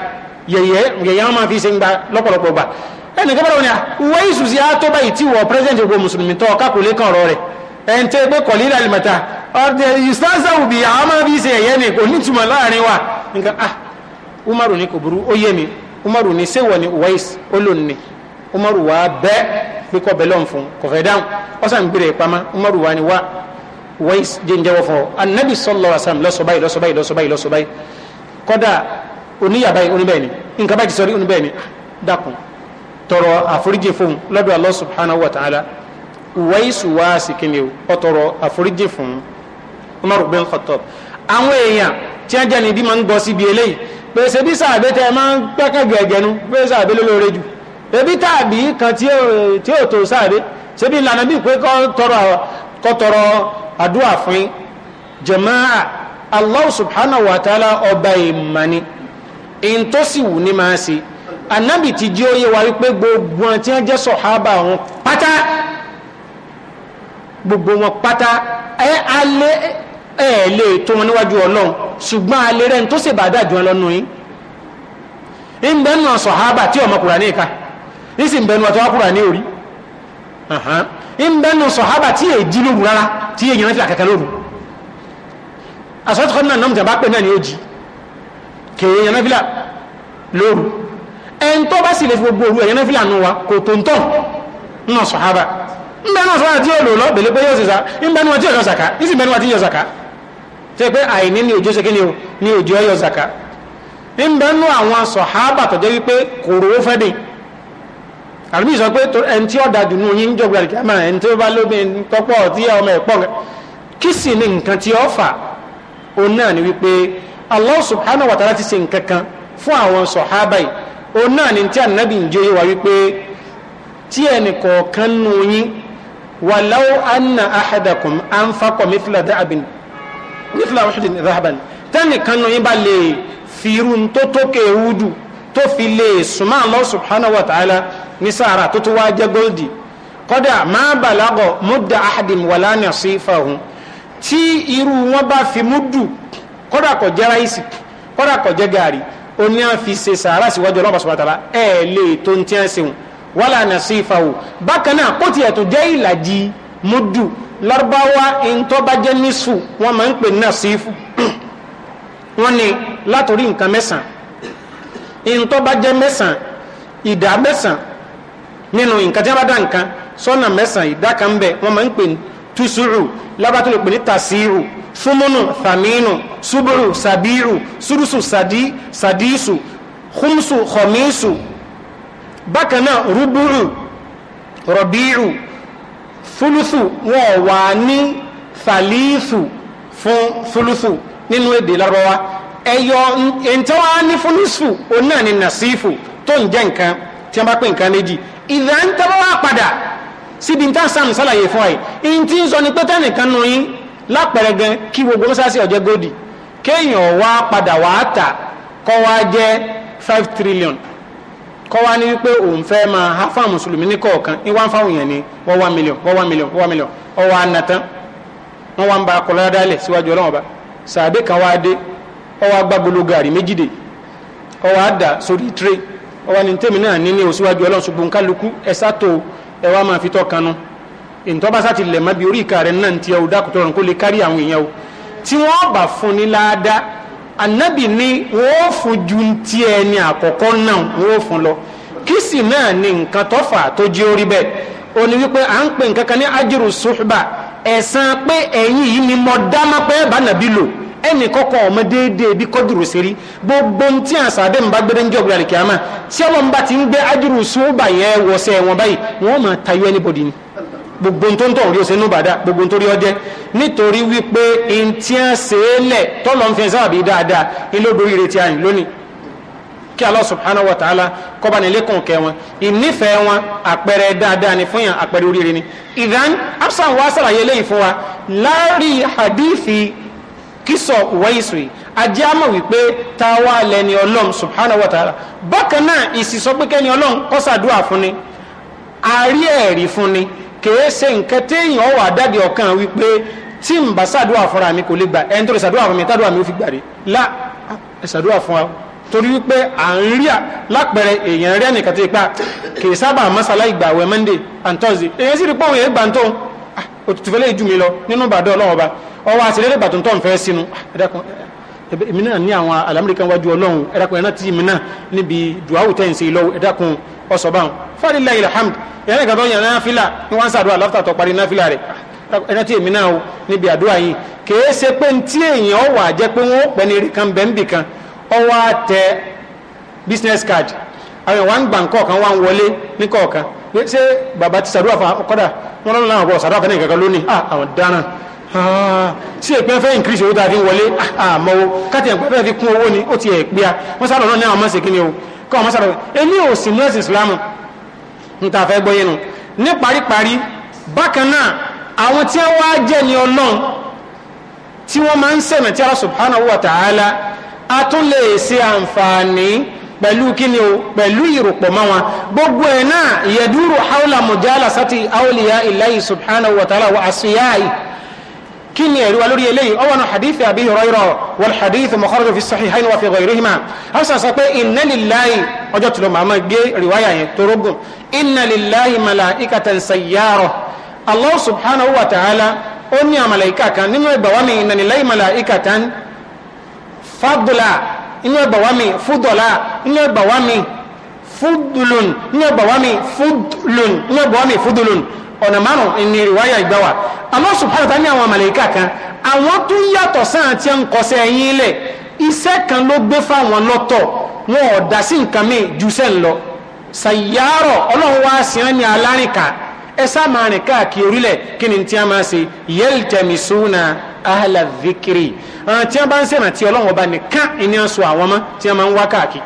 S1: yẹ̀yẹ́ yẹ̀yẹ́ wọn máa fi ṣe ń gba lọ́pọ̀lọpọ̀ gbà ẹnì kan wọn ni wẹ́ẹ̀sì sí àtọ́bà yìí tí wọ́n pírẹ́sẹ̀ntì gbogbo mùsùlùmí tọ́ ọ ẹn tẹ́ pé kọ̀lí ìdàlìmọ̀ta ọ̀dẹ̀ ìsìláṣàwù bí àwọn máa bí ṣe ẹ̀yẹ́ ni kò nítumọ̀ láàrin wa nǹkan ah umaru ni kò burú ó yé mi umaru ni sẹ́wọ̀ ni uwais olóòní umaru wa bẹ́ pé kọ́ bẹ́ lọ́n fún kò fẹ́ dáhùn ọ̀sán gbére pamọ́ umaru wa ni wa uwais jẹ́ njẹ́wọ́ fún ọ anabi sọlọ asam lọ́sọ̀báyì lọ́sọ̀báyì lọ́sọ̀báyì lọ́sọ̀báyì kọ́dà oníyàbáyì oníbẹ̀ẹ́ni nǹkan Allah subhanahu wa ta'ala Uwaisu wá síkìnì ọ̀tọ̀rọ̀ àforíjì fún Umar bin Khattab àwọn èèyàn tí wọ́n jẹ́ ní bí máa ń gbọ́ síbi eléyìí pèsè bí sàbẹ̀ tẹ́ máa ń pẹ́kẹ́ gẹ̀gẹ̀nu pé sàbẹ̀ ló lóore ebi tàbí kan tí ó tó sàbẹ̀ ṣebí ìlànà bíi pé kọ́ àdúrà fún jàmáà Allah subhanahu wa ta'ala ọba ìmàní in wù ní máa ṣe anábì ti jí ó yé wa wípé gbogbo wọn tí wọ́n jẹ́ wọn pátá gbogbo wọn pátá ẹ alẹ́ ẹ lè tó wọn níwájú ọlọ́run ṣùgbọ́n alẹ́ rẹ̀ ń tó ṣèbàdà jù wọn lọ́nu yìí ń bẹ́ẹ̀ nù sàhábà tí ọmọ Kùránì ìka ń sì ń bẹ́ẹ̀ nù ọtọ́ Kùránì orí ń bẹ́ẹ̀ nù sàhábà tí èjì lóru rárá tí èyí rántí àkẹ́kẹ́ lóru àsọ́tìkọ́ náà nọ́mùtà bá pè náà ní òjì kèé yanáfílà lóru ẹn tó bá sì lè fi gbogbo òru ẹ̀yanáfílà nù wa kò tó ń tọ̀ nù sàhábà nbẹnu àsọ́rọ̀ àti òlò lọ bèlè pé yóò sì sá nbẹnu àti òyọ zaka nísì nbẹnu àti yọ pé àìní ni òjò ṣekí ni òjò yọ zaka nbẹnu àwọn sọ̀hábà tọ̀jẹ́ wípé kò rówó fẹ́ sọ pé ẹni tí ó da dùnú yín ẹni tí ó bá wípé Allah subhanahu ti ṣe nǹkan kan fún àwọn sọ̀hábà yìí òun náà ni tí ànábì ń wípé tí ẹnì kọ̀ọ̀kan nù wàláwó anna ahadakum anfaqa mithla da'abin mithla uhudin dhahaban tẹ́nìkan náà yín bá lè fi irú tó tókè wúdù tó fi lè súnmọ́ Allah subhanahu wa ta'ala ní sàrà tó tó wá jẹ́ góòdì kọ́dà máa bàlágọ̀ mudda ahadin wàlá nasifahu tí irú wọn bá fi múdù kọ́dà kọ̀ jẹ́ ráìsì kọ́dà kọ̀ jẹ́ gàrí ó fi ṣe sàrà síwájú ọlọ́pàá sọ̀rọ̀ tààlà lè tó ń tiẹ́ sẹ́wọ̀n wala nasifahu bákan náà ó tiẹ̀ tó jẹ́ ìlàjì mudu lárúbáwá ìntọ́bajẹ́ nísù wọ́n máa ń pè nasifu [CLEARS THROAT] wọ́n ní látòrí nǹkan mẹ́sàn-án ìntọ́bajẹ́ mẹ́sàn-án ìdá mẹ́sàn-án nínú nǹkan tí wọ́n bá dá nǹkan sọ́nà mẹ́sàn ìdá kan ń bẹ wọ́n máa ń pè ní tusuru labatu le pèlè tasiru sumunu thaminu suburu sabiru surusu sadi sadisu khumsu khomisu bákanáà rúbúrù rọ̀bíù fúlùsù wọn wà ní sàlíìsù fún fúlùsù nínú èdè lárọ́wá ẹyọ ẹ̀ǹtẹ́ wá ní fúlùsù òun náà ni nàṣífù tó ń jẹ́ nǹkan tí wọ́n bá pè nǹkan méjì ìdá ń tẹ́ wá padà síbi tá sam sálàyé fún ẹ̀ ìyìn tí ń sọ ni pé tẹ́nìkan nù yín lápẹ̀rẹ̀ gan kí gbogbo mọ́sáàsì ọ̀jẹ́ góòdì kéèyàn wá padà wàá tà kọ́ wá jẹ́ five trillion kọ́ wá ní wípé òun fẹ́ máa há fáwọn mùsùlùmí ní kọ̀ọ̀kan ní wọ́n fáwọn èèyàn ní wọ́n wá mílíọ̀n wọ́n wá mílíọ̀n wọ́n wá mílíọ̀n wọ́n wá nàtán wọ́n wá ń ba akọ̀lọ́ dálẹ̀ síwájú ọlọ́run ọba sàbẹ̀ kan wá dé wọ́n wá gbá gbolo gàrí méjìdè wọ́n wá dà sórí tray wọ́n wá ní tèmi náà ní ní òsíwájú ọlọ́run ṣùgbọ́n kálukú ẹ sátó ẹ̀ ò anabi ni wọ́n fún ju ti ẹni àkọ́kọ́ náà wọ́n fun lọ kí náà ni nǹkan tọ́fà tó jẹ́ orí bẹ́ẹ̀ ó ní wípé à ń pè nǹkan kan ní ajiru suhba ẹ̀sán pé ẹ̀yìn ni mo dá bá nàbí lò ẹnì kọ́kọ́ ọmọ déédéé bí kọ́dùrú sí rí gbogbo ohun tí àṣà gbẹ́dẹ́ ń kìámà tí ọmọ ti ń gbé ajiru suhba yẹn gbogbo tó ń tọ̀ orí ọ̀sẹ̀ nùbàdà gbogbo tó rí ọjẹ́ nítorí wípé n tí a ṣe é lẹ̀ tọ́lọ̀ ń fi sábàbí dáadáa ilógo ire ti àyìn lónìí kí Allah subhana wa ta'ala kọ́ba ní lẹ́kùn kẹ́ wọn ìnífẹ̀ẹ́ wọn àpẹẹrẹ dáadáa ni fún yàn àpẹẹrẹ oríire ni ìdán absalom wa sàlàyé lẹ́yìn fún wa láàrin hadithi kísọ̀ wáyìsù yìí ajé àmọ̀ wípé ta wá lẹni ọlọ́m subhanahu wa ta'ala bákan náà ìsìsọ́pẹ́kẹ́ni ọlọ́m kọ́sàdúà fún ni àárí ẹ̀rí fún ni kèé ṣe nǹkan téèyàn wà dáde ọkàn wípé tí n bá ṣàdúrà fúnra mi kò lè gbà ẹni tó lè ṣàdúrà fún mi tádùrà mi ò fi gbà rí la ṣàdúrà fún wa torí wípé à ń rí à lápẹẹrẹ èèyàn rí ẹnìkan tó yẹ pa ah, kèé sábà mọ́sálá ìgbà àwẹ̀ monday and thursday èyí sì rí pọ́ùn yẹn gbà ń tó ah, òtútù fẹ́lẹ́ ìjú mi lọ nínú bàdọ́ ọlọ́run ọba ọwọ́ àti lẹ́lẹ́ bàtún tọ́n fẹ́ sínú ah, ẹ̀dàkùn èmi náà ní àwọn alámìríkà wájú ọ̀sọ̀báhùn fàdílẹ̀ ilhamd ìyẹn kan tó yàn náfìlà ní wọ́n ń sàdúrà lọ́fà tó parí o níbi àdúrà yìí kìí ṣe pé ń tí èèyàn ó wà jẹ́ pé wọ́n ó pẹ́ ní kan bẹ́ńbì kan ọ wá tẹ business card àwọn ìwà ń gbà ń kọ̀ọ̀kan wá ń wọlé ní kọ̀ọ̀kan ṣé bàbá ti sàdúrà fún akọ́dà wọn lọ́nà àwọn ọ̀bọ̀ sàdúrà fún ẹnìkan lónìí ah, àwọn dáná sí ìpín fẹ́ increase owó tá a fi ń wọlé ah, àmọ́ káti ẹ̀pẹ́ fẹ́ fi kún owó ni ó ti ẹ̀ pé a wọ́n sá lọ́nà ní àwọn ọmọ ṣèkí ni o kọ́ ọmọ sọ̀rọ̀ èmi ò sì nọ́ọ̀sì ìsìlámù ń ta fẹ́ gbọ́yé nu ní paríparí bákan náà àwọn tí wọ́n á jẹ́ ni ọlọ́run tí wọ́n máa ń sẹ̀mẹ̀ tí Allah subhanahu wa ta'ala a tún lè ṣe àǹfààní pẹ̀lú kíni o pẹ̀lú ìrùpọ̀ mọ́ wọn gbogbo ẹ̀ náà yẹ̀dúrò haúlà mọ̀jálà sátì awliya subhanahu wa ta'ala wa asiyai kí ni ẹ̀rí wa lórí eléyìí ọwọ́n náà hadith Abi Hurairah wal hadith mọ̀kọ́rọ̀dọ̀ fi sahihayn wa fi ghayrihima hafsan sọ pé inna lillahi ọjọ́ tìlọ màmá gé rìwáyà yẹn torógùn inna lillahi malaikatan sayyara Allah subhanahu wa ta'ala ó ní àmàlàíkà kan nínú ẹgbà wa mi inna lillahi malaikatan fadla inú ẹgbà wa mi fúdọ̀lá inú ẹgbà wa mi fúdùlùn inú ẹgbà wa mi fúdùlùn inú ẹgbà wa mi fúdùlùn ọ̀nà márùn-ún ni ìwáyà ìgbàwà Allah subhanahu wa ta'ala ní àwọn màlàíkà kan àwọn tó yàtọ̀ sáà tí ń kọsẹ̀ ẹ̀yìn lẹ̀ iṣẹ́ kan ló gbé fáwọn lọ́tọ̀ wọn ò dá sí nǹkan mi jù sẹ́ ń lọ sàyàrọ̀ ọlọ́run wá sí wọn ní alárìnká ẹ sá máa rìn káàkiri orílẹ̀ kí ni tí a máa ṣe yaltamisuna ahla dhikri àwọn tí a bá ń sẹ̀ràn tí ọlọ́run ọba nìkan ìní à àwọn ọmọ tí a máa ń wá káàkiri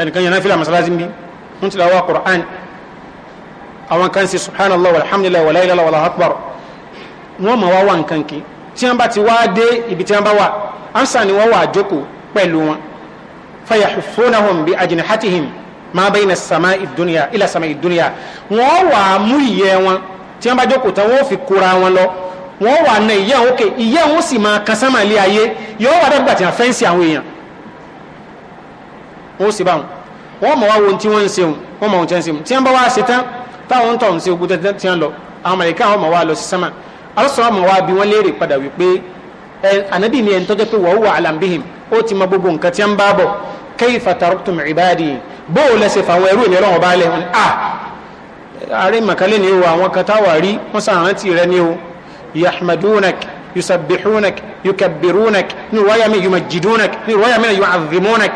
S1: ẹnìkan yẹn náà fi làmàṣálásí ń bí wọ́n ti lọ́wọ́ Qur'an àwọn kan sí subhanallah walhamdulilayi wàlá ilàlá wàlá akbar wọn mọ wá wà nǹkan kí tí wọn bá ti wá dé ibi tí wọn bá wà ansa ni wọn wà jókòó pẹ̀lú wọn fayahufunahum bi ajnihatihim ma bayna sama idunia ila sama idunia wọn wà mú ìyẹ́ wọn tí wọn bá jókòó tán wọn fi kóra wọn lọ wọn wà ná ìyẹ́ wọn òkè ìyẹ́ wọn sì máa kan sámà lé ayé yóò wà dàgbà tí wọn fẹ́ ń sin àwọn èèyàn wọn sì bá wọn wọn mọ wá wo ohun wọn ń ṣe wọn mọ ohun tí wọn ń ṣe tí wọn bá wá ṣe táwọn ń tọ̀hún sí ogun tẹ́tẹ́ tí wọ́n lọ àwọn màlàíkà àwọn ọmọ wa lọ sí sánmà alọ́sọ̀rọ̀ ọmọ wa bí wọ́n léèrè padà wípé ànábì ni ẹni tọ́jọ́ pé wọ́n wà alambihim ó ti mọ gbogbo nǹkan tí wọ́n bá bọ̀ kayfa taraktum ibadi bóò lẹ́sẹ̀ fáwọn ẹrú ìlera wọn bá lẹ̀ wọn a ààrẹ màkàlẹ́ ni o àwọn kan táwà rí wọ́n sàrántì rẹ ni o yahmadunak yusabbihunak yukabbirunak ní wáyà mi yumajidunak ní wáyà mi yu'azzimunak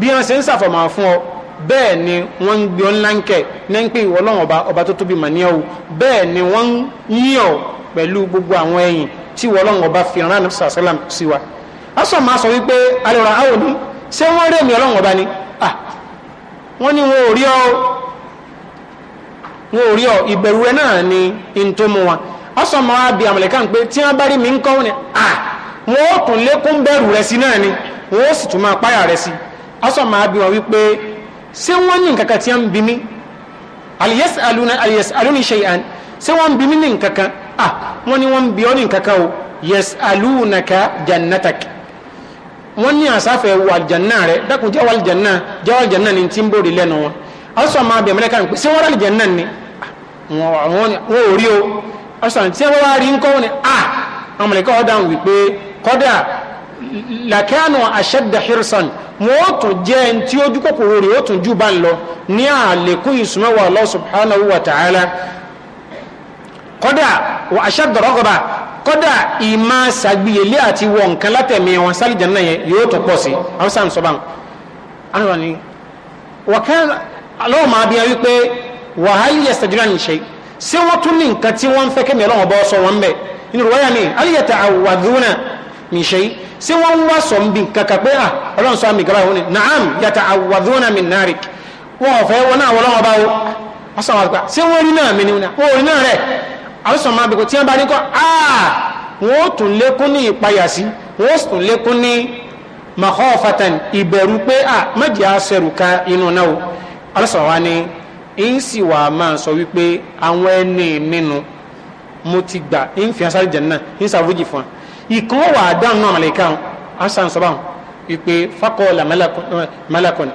S1: bí wọ́n ṣe ń sàfọ̀mọ́ fún ọ bẹ́ẹ̀ ni wọ́n ń gbé ọ́nlá ọba tó tóbi màníyà o bẹ́ẹ̀ ni wọ́n ń pẹ̀lú gbogbo àwọn ẹ̀yìn tí ìwọ ọba fi rán si sàṣẹ́là sí wa. a sọ wípé alẹ́ra àwọn ọdún ṣé wọ́n rí èmi ọlọ́run ọba ni "Ah, wọ́n ní wọn ò rí ọ wọn ò rí ọ ìbẹ̀rù rẹ náà ni n tó wa ma àmàlẹ́kà pé tí mi ń ṣé wọ́n kaka nǹkan kan tí wọ́n bí mi alyasaluna alyasaluni shay'an ṣé wan bimi mi kaka ah wọ́n wan biyo bí kaka o yasalunaka jannatak wọ́n ní àsáfẹ́ wà aljanna rẹ da jẹ́ wà aljanna jẹ́ wà aljanna ni tí ń bòrè lẹ́nu wọn ọ̀sán máa bẹ̀ mẹ́lẹ́ka pé ṣé wọ́n rà aljanna ni wọ́n ò rí o ọ̀sán tí wọ́n wá rí ni ah àwọn mọ̀lẹ́kọ́ ọ̀dà wípé kọ́dà lakanu aṣẹ́dà hirsan wọ́n tún jẹ́ ẹni tí ó dúkòkòrò rẹ̀ ó tún jù bá ń lọ ní àlékún ìsúnmọ́wà Allah subhanahu wa ta'ala kódà wà aṣẹ́dà rọ́gọ́bà kódà ìmá sàgbìyèlé àti wọ̀ nǹkan látẹ̀mí wọn sálìjẹ́ náà yẹn yóò tún pọ̀ sí hausa ń sọ́bà alọ́ máa bí wọ́n wípé wàhálì yẹ̀sẹ̀dúrà ní ṣe ṣé wọ́n tún ní nǹkan tí wọ́n ń fẹ́ kẹ́mi ọlọ́wọ́ sọ wọn bẹ́ẹ̀ nínú wáyà mi alìyẹ̀tà àwàdúnà mìṣẹ́yí sí wọ́n wá kankan pé ọlọ́run sọ àmì gara ni naam yàtà àwàdúnà min narik wọn ò na wọn náà wọ́n lọ́wọ́ bá wo ọsàn sí rí náà mi ni wọn ò rí náà rẹ̀ àlùsàn máa bẹ̀kọ̀ tí bá ní kọ́ ó tún lékún ní ìpayà sí ó tún lékún pé a méjì á sẹ̀rù ka inú náà o ni ń sì wà sọ wípé àwọn ẹni nínú mo ti gbà ń fi asáré jẹ̀ náà ń fún ìkan wà dáhùn náà màlẹ́kà asan sọ́bà wípé fakọ́ọ̀lá mẹ́lẹ́kọ̀ọ́ni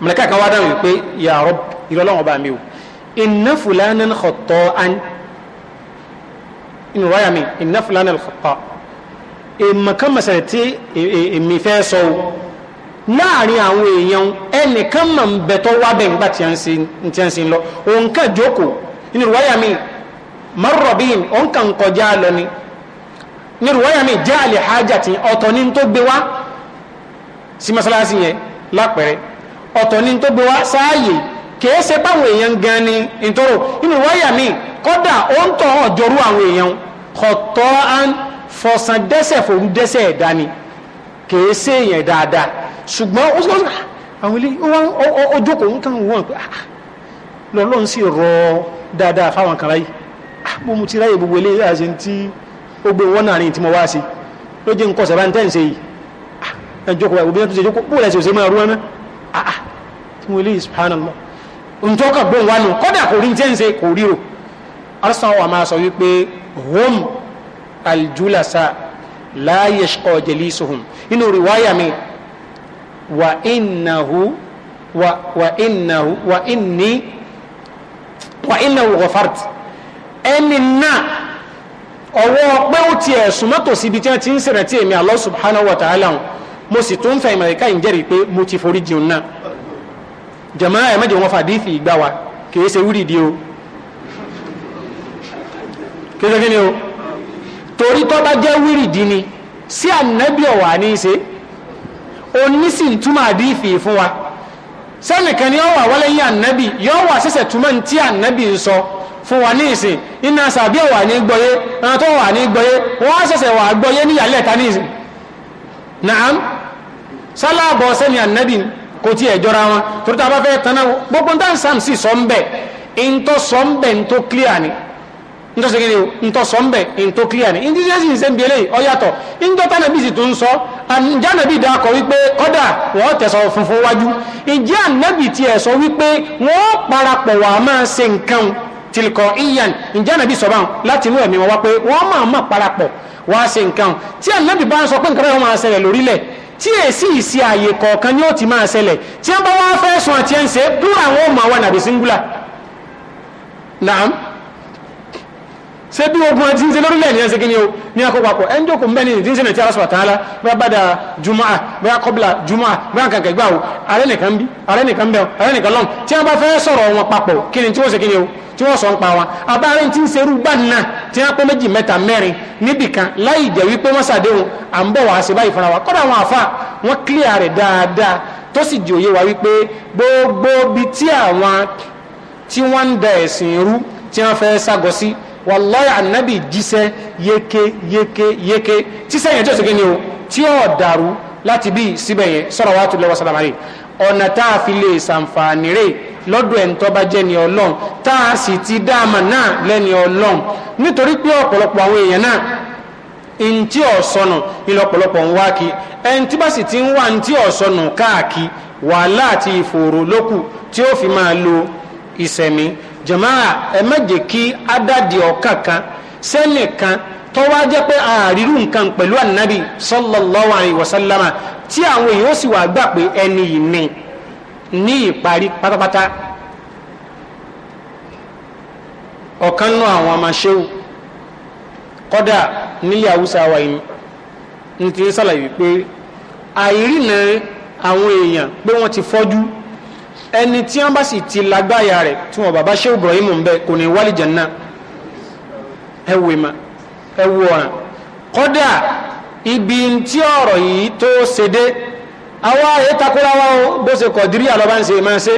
S1: màlẹ́kà kan wá dáhùn wípé ya Rabb ìrọ̀lọ́wọ́ bá mi o inna fulanan khatta'an inú ráyà mi inna fulanan khatta'an èmọ̀kan mẹ̀sẹ̀rẹ̀ tí èmi fẹ́ sọ o láàrin àwọn èèyàn ẹnìkan mà ń bẹ̀tọ̀ wá bẹ̀ ńgbà tí a ń sin lọ òǹkà jókòó inú ráyà mi marrabin òǹkà ń kọjá lọ ni ní ruwaya mi jẹ́ àlè hajjati ọ̀tọ̀ ní tó gbé wá sí masalasi yẹn lápẹ̀rẹ̀ ọ̀tọ̀ ní tó gbé wá sáàyè kèése báwọn èèyàn gan ni ìtòrò inú ruwaya mi kọ́dà ó ń tọ̀ ọ̀jọ̀rú àwọn èèyàn kọ̀tọ́ án fọ̀sán dẹ́sẹ̀ fòun dẹ́sẹ̀ ẹ̀dá ni kèése èèyàn dáadáa ṣùgbọ́n ó sọ ah, àwọn ilé ojú kò ń kàn wọ́n pé ah, lọ́lọ́run sì rọ dáadáa fáwọn kan láyé ah, mo ti ráyè gbogbo eléyìí àṣẹ ó gbé wọn náà rìn tí mo wá sí ló jẹ́ nǹkan sẹ̀bá ń tẹ́ ń ṣe yìí ah, ẹ jókòó ẹ̀ obìnrin tó ṣe jókòó bóòlù ẹ̀sẹ̀ òṣè máa rú ẹ̀mẹ́ àà ah, ah, tí mo lè subhanallah ntọ́ka gbóhùn wa nù kọ́dà kò rí ń ń ṣe ẹni náà ọwọ́ pé ó ti ẹ̀sùn mọ́tò síbi tí wọ́n ti ń sẹ̀rẹ̀ tí èmi Allah subhanahu wa ta'ala hàn mo sì tún fẹ́ ìmọ̀lẹ́ká yìí jẹ́rìí pé mo ti forí jìn náà jàmáà ẹ̀ mẹ́jọ wọn fàdífì ìgbà wa kìí ṣe wúrìdì o kìí ṣe kí ni o torí tó bá jẹ́ wúrìdì ni sí ànábì ọ̀wà ní í ṣe oníṣì ń túmọ̀ fún wa sẹ́nìkan ni ọ̀wà wọlé yín ànábì yọ̀ọ̀wà ṣẹ̀ṣẹ̀ túmọ̀ ní tí ànábì ń fún wa ní ìsìn iná sàbí ọ̀wà ní gbọ́yé ẹran tó wà ní gbọ́yé wọ́n ṣẹ̀ṣẹ̀ wà gbọ́yé ní ìyàlẹ̀ ta ní ìsìn naam sálábọ̀ sẹ́ni ànábì kò tí ẹ̀ jọra wọn torí tá a bá fẹ́ taná gbogbo nǹkan sam sì sọ ń bẹ̀ ntọ́ sọ ń bẹ̀ ntọ́ clear ni ntọ́ sọ kìíní ntọ́ sọ ń bẹ̀ ntọ́ clear ni ntí sẹ́sì ń sẹ́ńbi eléyìí ọ̀yàtọ̀ ntọ́ wípé kọ́dà wọ́n tẹ̀sọ̀ funfun wájú ǹjẹ́ ànábì tiẹ̀ wípé wọ́n parapọ̀ wà máa ṣe nǹkan tìlìkọ̀ iyan ǹjẹ́ ànàbí sọ̀rọ̀ àwọn láti inú ẹ̀mí wọn wá pé wọ́n máa máa parapọ̀ wá ṣe nǹkan tí ànàbí bá ń sọ pé nǹkan báyìí wọ́n máa ṣẹlẹ̀ lórílẹ̀ tí èsì ìsì àyè kọ̀ọ̀kan ni ó ti máa ṣẹlẹ̀ tí wọ́n bá wá fẹ́ àti ẹ̀ ń ṣe plural àwọn ò máa Naam ṣé bí ogun ẹ ti ń ṣe lórílẹ̀ ní ẹsẹ̀ kí ni o ní akó papọ̀ ẹ ń jókòó ń bẹ́ ní ìdí ìṣẹ̀lẹ̀ tí aláṣọ jumaa bá kọ́bìlà jumaa bá nǹkan kẹgbà o ààrẹ nìkan bí ààrẹ nìkan bẹ́ẹ̀ ààrẹ nìkan lọ́n tí wọ́n bá fẹ́ sọ̀rọ̀ wọn papọ̀ kí ni tí wọ́n ṣe kí ni o tí wọ́n sọ ń pa wọn abáàrẹ ti ń ṣerú gbà tí wọ́n pẹ́ méjì mẹ́ta mẹ́rin níbìkan láì jẹ́ wípé wọ́n ṣàdéhùn à ń bọ̀ wá sí báyìí fúnra wa kọ́dà àwọn àfa wọ́n clear rẹ̀ dáadáa tó sì jòyè wa wípé gbogbo bíi tí àwọn tí wọ́n ń da ẹ̀sìn irú tí wọ́n fẹ́ ságọ sí wàláyà ànábì jíṣẹ́ yéké yéké yéké tí sẹ́yìn tí ó sèké ni o tí ó dàrú láti bí síbẹ̀ yẹn sọ̀rọ̀ wàá tulẹ̀ wàsálà mari ọ̀nà tá a fi lè ṣàǹfààní rè lọ́dọ̀ ẹ̀ ń tọ́ba jẹ́ ni ọlọ́run tá a sì ti dáàmà náà lẹ́ni ọlọ́run nítorí pé ọ̀pọ̀lọpọ̀ àwọn èèyàn náà ntí ọ̀sọ́nù ìlọ̀pọ̀lọpọ̀ ń wá kí ẹni tí bá sì ti ń wá ntí ọ̀sọ́nù káàkiri wàhálà àti ìfòòró lókù tí ó fi máa lo ìsẹ̀mí jàmáà ẹ má jẹ́ kí adadi ọ̀kan kan sẹ́nìkan tọ́wọ́ jẹ́ pé àárírù nǹkan pẹ̀lú ànábì sallallahu alayhi wa sallama tí àwọn èèyàn sì wà gbà pé ẹni yìí ni ní ìparí pátápátá ọ̀kan nù àwọn amáṣẹ́wò kọ́dà nílẹ̀ haúsá wa yìí ní ti ń sàlàyé pé àìrìnà àwọn èèyàn pé wọ́n ti fọ́jú ẹni tí wọn bá sì ti lágbáyà rẹ tí wọn bàbá Shehu Ibrahim kò ní wálé jẹnà ma ẹ ọràn ibi nti ọrọ yìí tó ṣe dé ayé takora wa o bó ṣe kọdírí àlọba ń ṣe máa ṣe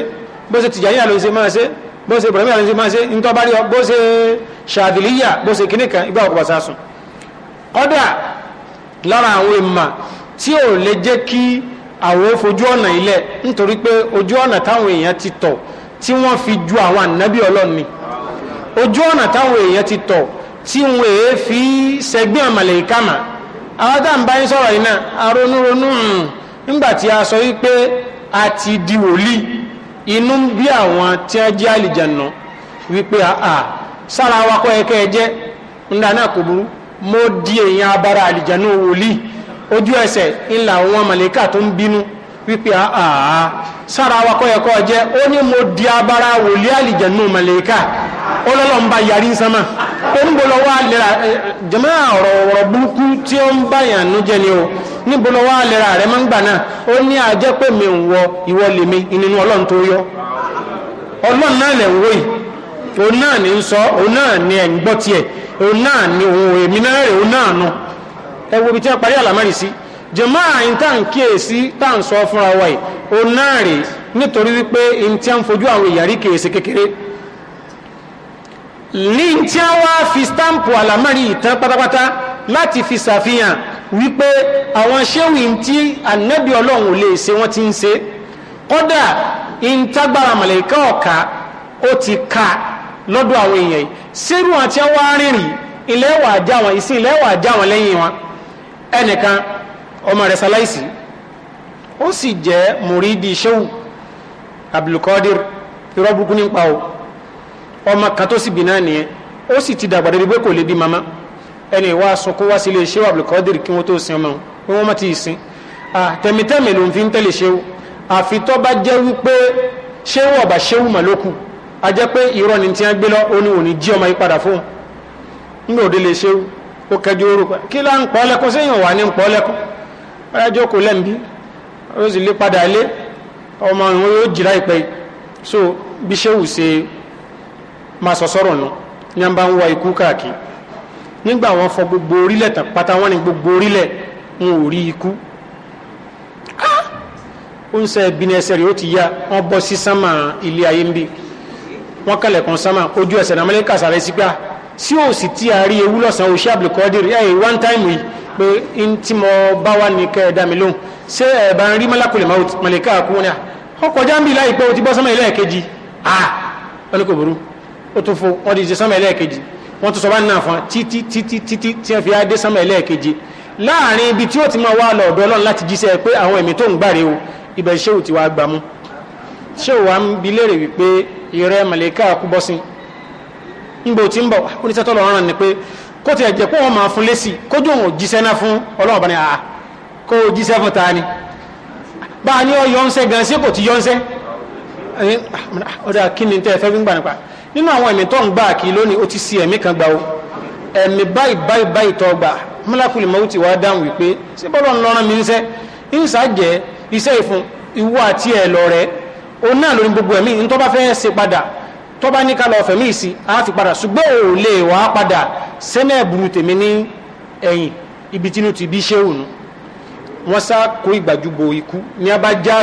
S1: bó ṣe tìjàní se ń ṣe máa ṣe bó ṣe Ibrahim ọ bó ṣe ṣàdìlíyà bó ṣe kíní kan òkúba sásùn lára àwọn tí ò lè jẹ́ kí àwọn fojú ọ̀nà ilẹ̀ nítorí pé ojú ọ̀nà táwọn èèyàn ti tọ̀ tí fi ju àwọn ànábì ọlọ́run ni ojú ọ̀nà táwọn ti tọ̀ tí wọ́n fi sẹ́gbẹ́ àmàlẹ̀ ìkàmà àwọn tá à ń bá yín sọ̀rọ̀ yìí náà hmm, a sọ wípé a ti di wòlíì inú bí àwọn tí wọ́n jẹ́ àlìjànà wípé àà sára wa kọ́ ẹ̀kẹ́ ẹ jẹ́ ńlá mo di èèyàn abara àlìjànà wòlíì ojú ẹsẹ̀ ńlá àwọn màlẹ́kà tó ń bínú wípé àà sára wa kọ́ ẹ̀kọ́ jẹ́ ó ní mo di abara wòlíì àlìjẹ̀nù màlẹ́kà ọlọ́lọ́mba yarí ń sánmà ó ń bolo wá lera jẹ́mọ́ ọ̀rọ̀ ọ̀rọ̀ burúkú tí ó ń bá yàn nú ni o ní bolo wá lera rẹ̀ máa ń gbà náà ó ní àjẹ́ pé mi ń wọ ìwọ lèmi ìnínú ọlọ́run tó yọ ọlọ́run náà lẹ̀ No ẹwọ́ ibi tí wọ́n parí àlàmárì sí jàmáà àyìn tá à ń kíyèsí tá à ń sọ fúnra wa yìí ó náà rè nítorí wípé n tí a ń fojú àwọn èèyàn rí kèèsí kékeré ní n tí a wá fi stampu àlàmárì ìtàn pátápátá láti fi ṣàfihàn wípé àwọn ṣéwì tí ànábì ọlọ́run ò lè ṣe wọ́n ti ń ṣe kódà ìntagbára màlẹ́kà ọ̀ka ó ti ka lọ́dọ̀ àwọn èèyàn yìí sẹ́rù àti àwọn arìnrìn ilẹ̀ wà já wọn ìsìn ilẹ̀ wà já wọn lẹ́yìn wọn ẹnìkan ọmọ rẹ̀ sáláìsì ó sì jẹ́ mùrídì ṣéwù abdulkadir irọ́ burúkú nípa o ọmọ kan tó sì bì náà nìyẹn ó sì ti dàgbà débi pé kò lè bí mama ẹni ìwà sunkún wá sílé ṣéwù abdulkadir kí wọ́n tó sin ọmọ wọn wọ́n má ti sin tẹ̀mítẹ̀mẹ̀ ló ń fi ń tẹ̀lé ṣéwù àfi tó bá jẹ́ wípé ṣéwù ọ̀bà ṣéwù mà a jẹ́ pé irọ́ ni tí wọ́n gbé lọ ó jí ọmọ yí padà fóun ń lòdì lè ṣéwù kó kẹjú orúkọ kí lá ń pọ́ lẹ́kọ́ séyìn wà ní ń pọ́ lẹ́kọ́ ọ̀yá jókòó lẹ́m̀bí ó sì lé padà lé ọmọ ìwọ̀n yóò jìrá ìpẹ́ so bí sẹ́wù ṣe máa sọ sọ́rọ̀ nù ní àbá ń wá ikú káàkiri nígbà wọn fọ gbogbo orílẹ̀ tán pátá wọn ni gbogbo orílẹ̀ ń ò rí ikú ó ń sẹ ẹbí ní ẹsẹ̀ rẹ̀ ó ti yá wọn bọ́ sí sánmà ilé ayé ń bì wọn kẹlẹ̀ kan sánmà ojú ẹsẹ̀ náà mẹ́lẹ́kà sàrẹ́ sígbà sí òsì tí a rí ewu lọ́sàn oṣù abdulkadir ẹ̀ one time yìí pé n tí mo bá wà ní kẹ́ ẹ̀ dá mi lóhùn ṣé ẹ̀ bá ń rí malakule malika kú ní à ọkọ̀ jáǹbì láìpẹ́ o ti bọ́ sọ́mọ ilé ẹ̀kejì à wọ́n ní kò burú ó tún fo wọ́n ti ṣe sọ́mọ ilé ẹ̀kejì wọ́n tún sọ bá ń nà fún títí títí títí tí wọ́n fi á dé sọ́mọ ilé ẹ̀kejì láàrin ibi tí ó ti máa wá lọ ọ̀dọ̀ ọlọ́run láti jíṣẹ́ pé àwọn nígbò tí ń bọ̀ oníṣẹ́ ah, tọ́lọ̀ ọ̀ràn ni pé kó ti ẹ̀jẹ̀ kó wọn máa fún lésì kójú òun jíṣẹ́ náà fún ọlọ́run bá àá ah, kó o jíṣẹ́ fún ta ni bá a ní ọ yọ́nsẹ́ gan sí kò ti yọ́nsẹ́ ọ̀dà ah, kí ni tẹ́ ẹ fẹ́ gbígbà nípa nínú àwọn si ẹ̀mí kan gbà o ẹ̀mí báyìí báyìí báyìí tó gbà mọ́lákùlì mọ́wù ti wá dáhùn wípé ṣé bọ́lọ̀ ń lọ́rán tọ́ba ní ká lọ fẹ̀mí ìsì á fi padà ṣùgbọ́n ò lè wá padà sẹ́nà ẹ̀bùrú tèmi ní ẹ̀yìn ibi tínú ti bí ṣé òun wọ́n sá kó ìgbàjúbò ikú ní a bá já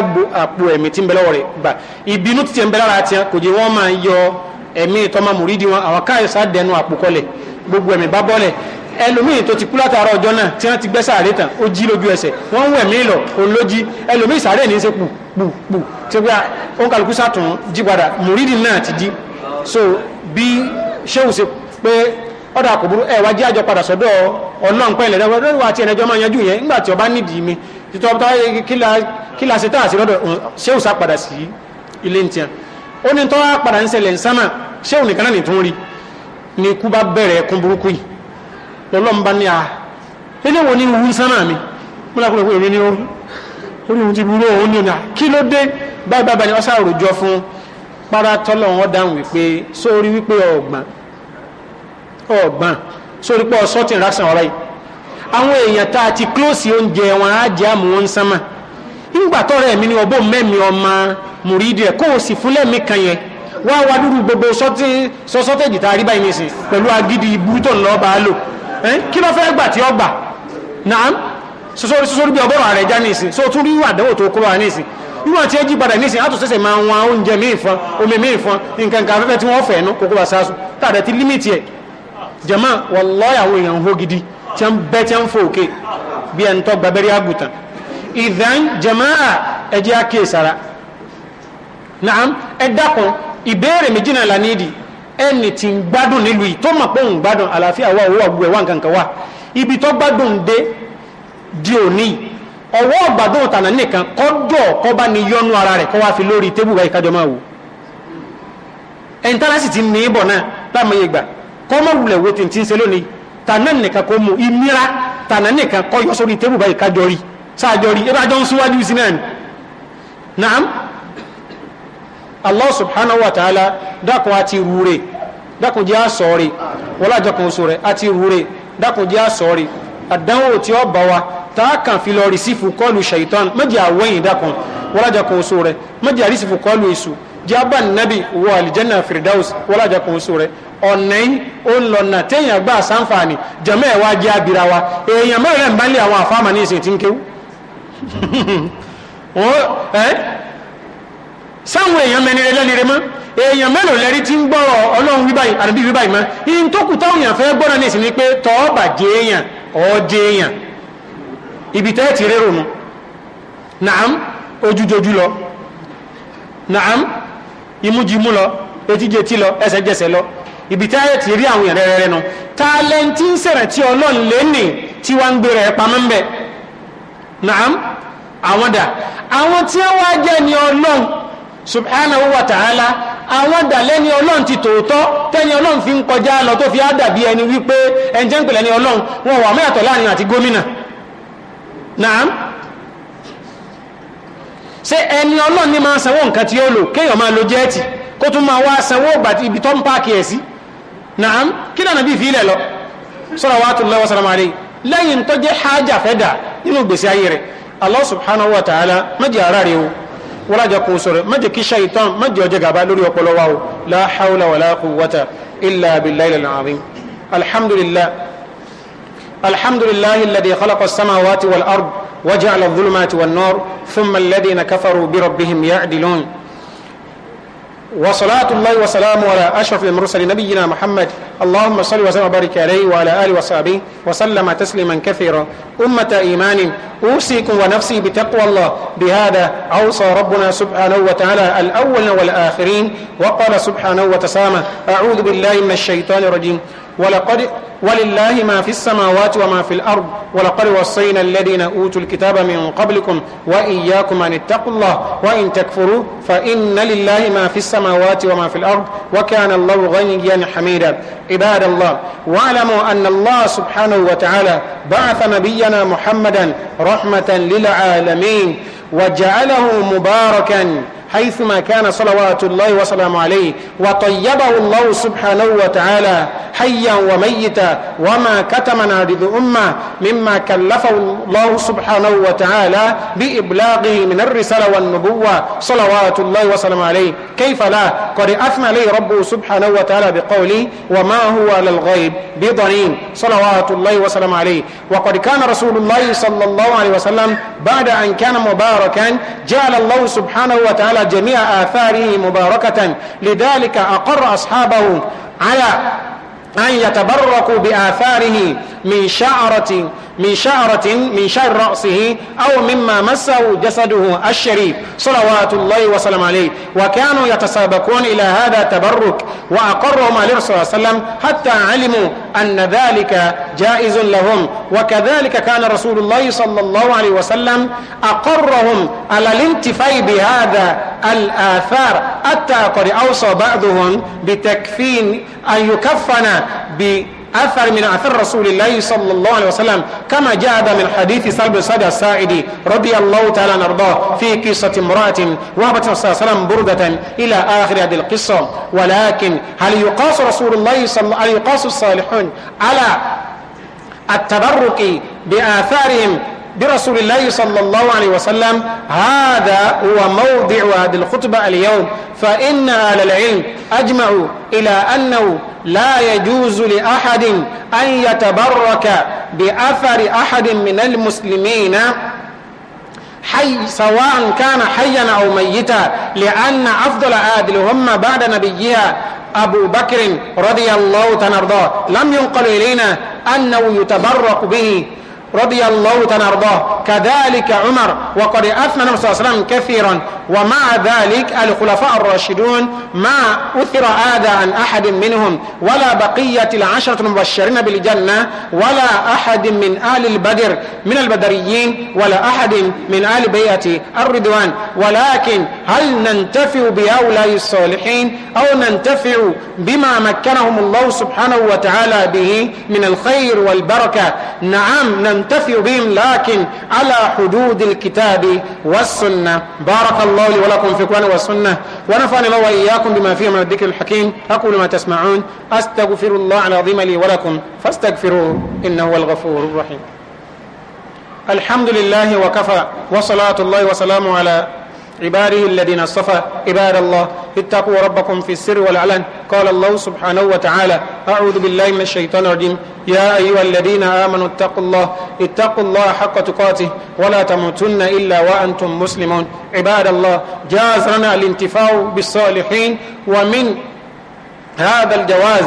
S1: àpò ẹ̀mí tí ń bẹ lọ́wọ́ rẹ̀ gbà ìbínú ti tẹ̀ ń bẹ lára tiẹ̀ kò jẹ́ wọ́n máa yọ ẹ̀mí tọ́mọ mùrídìí wọn àwọn káyọ̀sá dẹnu àpò kọlẹ̀ gbogbo ẹ̀mí bá bọ́lẹ̀ ẹlòmíì tó ti kú látara ọjọ́ náà tí wọ́n ti gbẹ́ sáré tán ó jí lójú ẹsẹ̀ wọ́n ń wẹ̀ mí lọ olójí ẹlòmíì sáré ní í ṣe pù pù pù tí ó gbé sàtún jí padà mùrídìí náà ti jí so bí ṣéhùn ṣe pé ọ̀dà kò burú ẹ̀ wá jẹ́ àjọ padà sọ́dọ̀ ọlọ́run pẹ́ẹ́lẹ̀ lọ́wọ́ àti ẹ̀nẹ́jọ́ máa yanjú yẹn nígbà tí ọba nídìí mi títọ́ kílà ṣe tàà sí lọ́dọ̀ ṣéhùn sá padà sí ilé ní tiẹ̀ ó ní tọ́ padà ń ṣẹlẹ̀ ń sánmà ṣéhùn nìkan náà nìtún rí ni ikú bá bẹ̀rẹ̀ ẹkún burúkú yìí lọ́lọ́run bá ní a ah, ilé wo ni wú ń mi mo lákùnrin pé èmi ni ó rí ohun ti burú òun ní ọ̀nà kí ló dé báyìí para tọ́lọ̀ wọn dáhùn wípé sórí wípé ọ̀gbọ́n sórí pé ọ̀sọ́tì rásán ọ̀rọ̀ yìí àwọn èèyàn tá a ti kílòsì oúnjẹ wọn á jẹ́ àmú wọn sánmà nígbà tọ́rọ̀ ẹ̀mí ni ọmọ mùrídìí ẹ̀ kó o sì fún lẹ́mí kan yẹn wá wá dúdú gbogbo tá a rí báyìí pẹ̀lú agídí ńlọ bá a lò kí ló fẹ́ gbà tí gbà náà sọ́sọ́rí sọ́sọ́rí bí ọbọ̀rọ̀ nígbà tí ó jí padà nísìnyí àtúnṣẹ́sẹ̀ máa wọn oúnjẹ míì fún omi míì fún nǹkan afẹ́fẹ́ tí wọ́n fẹ̀ nú kókó bá sáásù tààrẹ ti límìtì ẹ̀ jẹ̀mọ́ wallahi àwọn èèyàn gidi tí wọ́n bẹ́ tí wọ́n fò òkè bí ẹni tó gba abẹ́rẹ́ àgùntàn ìdán jẹ̀mọ́ ẹjẹ́ àkè sára naam ẹ dákun ìbéèrè méjì náà tí ń gbádùn nílùú yìí tó ọwọ́ ọ̀gbàdó òtànà nìkan kọ́dọ̀ kọba ni yọnu ara rẹ̀ kọwa fi lórí tébù báyìí máa ti ní ìbọ̀ náà láàmúyẹ gbà kọ́ mọ̀ wulẹ̀ wo ti ti ń lónìí tànà nìkan kọ mú ìmíra tànà nìkan yọ sórí tébù báyìí rí rí ń súwájú sí náà ni naam allah subhanahu wa ta'ala dákun àti rúre dákun jẹ́ àsọ̀rẹ̀ oṣù rẹ̀ àti rúre dákun jẹ́ àsọ̀rẹ̀ àdánwò wa táàkàn fi lọ kọlù ṣèyítọ́n méjì àwẹ̀yìn dákan wọ́lájà oṣù rẹ̀ méjì àrísífù kọlù èṣù jábà nábì wọ àlìjẹ́nà lọ téèyàn gbà sáǹfààní jẹ̀mọ́ ẹ̀ wá jẹ́ abira wa èèyàn mẹ́rin ń bá àwọn àfáàmà ní ìsìn tí ń kéwú sáwọn èèyàn mẹ́nire lẹ́nire mọ́ èèyàn mẹ́lò lẹ́rí tí ń gbọ́rọ̀ ọlọ́run wíbáyìí ibi tẹ́ ti rérò nu naam ojújojú lọ naam imújimú lọ etíjetí lọ ẹsẹ̀jẹsẹ̀ lọ ibi tẹ́ ti rí àwọn èèyàn rẹ̀rẹ̀ nu tálẹ́ntì ń sẹ̀rẹ̀ tí ọlọ́run lè nì tí wọ́n ń gbé rẹ̀ pamọ́ ń bẹ̀ naam àwọn dà àwọn tí wọ́n wá jẹ́ ni ọlọ́run subhanahu wa ta'ala àwọn dàlẹ́ni ọlọ́run ti tòótọ́ tẹ́ni ọlọ́run fi ń kọjá lọ tó fi á dàbí ẹni wípé ẹnjẹ́ ń pèlẹ́ ni wọn wà mẹ́yàtọ̀ láàrin àti gómìnà naam ṣé ẹni ọlọ́run ní máa sanwó nǹkan tí ó lò kéèyàn máa lo jẹ́ẹ̀tì kó tún máa wá sanwó ìgbà ibi tó ń páàkì ẹ̀ sí naam kí lànà bí ìfilẹ̀ lọ salawatullahi wa salamu alayhi lẹ́yìn tó jẹ́ hajj fẹ́dà nínú gbèsè ayé rẹ̀ alhamdulillah الحمد لله الذي خلق السماوات والأرض وجعل الظلمات والنور ثم الذين كفروا بربهم يعدلون وصلاة الله وسلامه على أشرف المرسل نبينا محمد اللهم صل وسلم وبارك عليه وعلى آله وصحبه وسلم تسليما كثيرا أمة إيمان أوصيكم ونفسي بتقوى الله بهذا أوصى ربنا سبحانه وتعالى الأول والآخرين وقال سبحانه وتسامى أعوذ بالله من الشيطان الرجيم ولقد ولله ما في السماوات وما في الأرض ولقد وصينا الذين أوتوا الكتاب من قبلكم وإياكم أن اتقوا الله وإن تكفروا فإن لله ما في السماوات وما في الأرض وكان الله غنيا حميدا عباد الله واعلموا أن الله سبحانه وتعالى بعث نبينا محمدا رحمة للعالمين وجعله مباركا حيثما كان صلوات الله وسلامه عليه وطيبه الله سبحانه وتعالى حيا وميتا وما كتمنا عدد أمة مما كلفه الله سبحانه وتعالى بإبلاغه من الرسالة والنبوة صلوات الله وسلامه عليه كيف لا قد أثنى عليه ربه سبحانه وتعالى بقوله وما هو للغيب بضنين صلوات الله وسلامه عليه وقد كان رسول الله صلى الله عليه وسلم بعد أن كان مباركا جعل الله سبحانه وتعالى جميع آثاره مباركة لذلك أقر أصحابه على أن يتبركوا بآثاره من شعرة من شعرة من شعر رأسه أو مما مسه جسده الشريف صلوات الله وسلم عليه وكانوا يتسابقون إلى هذا التبرك وأقرهم عليه صلى الله عليه وسلم حتى علموا أن ذلك جائز لهم وكذلك كان رسول الله صلى الله عليه وسلم أقرهم على الانتفاع بهذا الآثار حتى قد أوصى بعضهم بتكفين أن يكفن بتكفين أثر من أثر رسول الله صلى الله عليه وسلم كما جاء من حديث سلب السادة السائد رضي الله تعالى نرضاه في قصة امرأة وهبت صلى الله عليه وسلم بردة إلى آخر هذه القصة ولكن هل يقاس رسول الله صلى الله عليه يقاس الصالحون على التبرك بآثارهم برسول الله صلى الله عليه وسلم هذا هو موضع هذه الخطبة اليوم فإن أهل العلم أجمعوا إلى أنه لا يجوز لأحد أن يتبرك بأثر أحد من المسلمين حي سواء كان حيا أو ميتا لأن أفضل عادل هم بعد نبيها أبو بكر رضي الله تنرضاه لم ينقل إلينا أنه يتبرك به رضي الله تنرضاه كذلك عمر وقد أثنى النبي صلى الله عليه وسلم كثيرا ومع ذلك الخلفاء الراشدون ما أثر آذى عن أحد منهم ولا بقية العشرة المبشرين بالجنة ولا أحد من آل البدر من البدريين ولا أحد من آل بيئة الردوان ولكن هل ننتفع بهؤلاء الصالحين أو ننتفع بما مكنهم الله سبحانه وتعالى به من الخير والبركة نعم ننتفع بهم لكن على حدود الكتاب والسنة بارك الله الله لي ولكم في القرآن والسنة ونفعني الله وإياكم بما فيه من الذكر الحكيم أقول ما تسمعون أستغفر الله العظيم لي ولكم فاستغفروه إنه هو الغفور الرحيم الحمد لله وكفى وصلاة الله وسلامه على عباده الذين اصطفى عباد الله اتقوا ربكم في السر والعلن قال الله سبحانه وتعالى أعوذ بالله من الشيطان الرجيم يا أيها الذين آمنوا اتقوا الله اتقوا الله حق تقاته ولا تموتن إلا وأنتم مسلمون عباد الله جاز لنا الانتفاع بالصالحين ومن هذا الجواز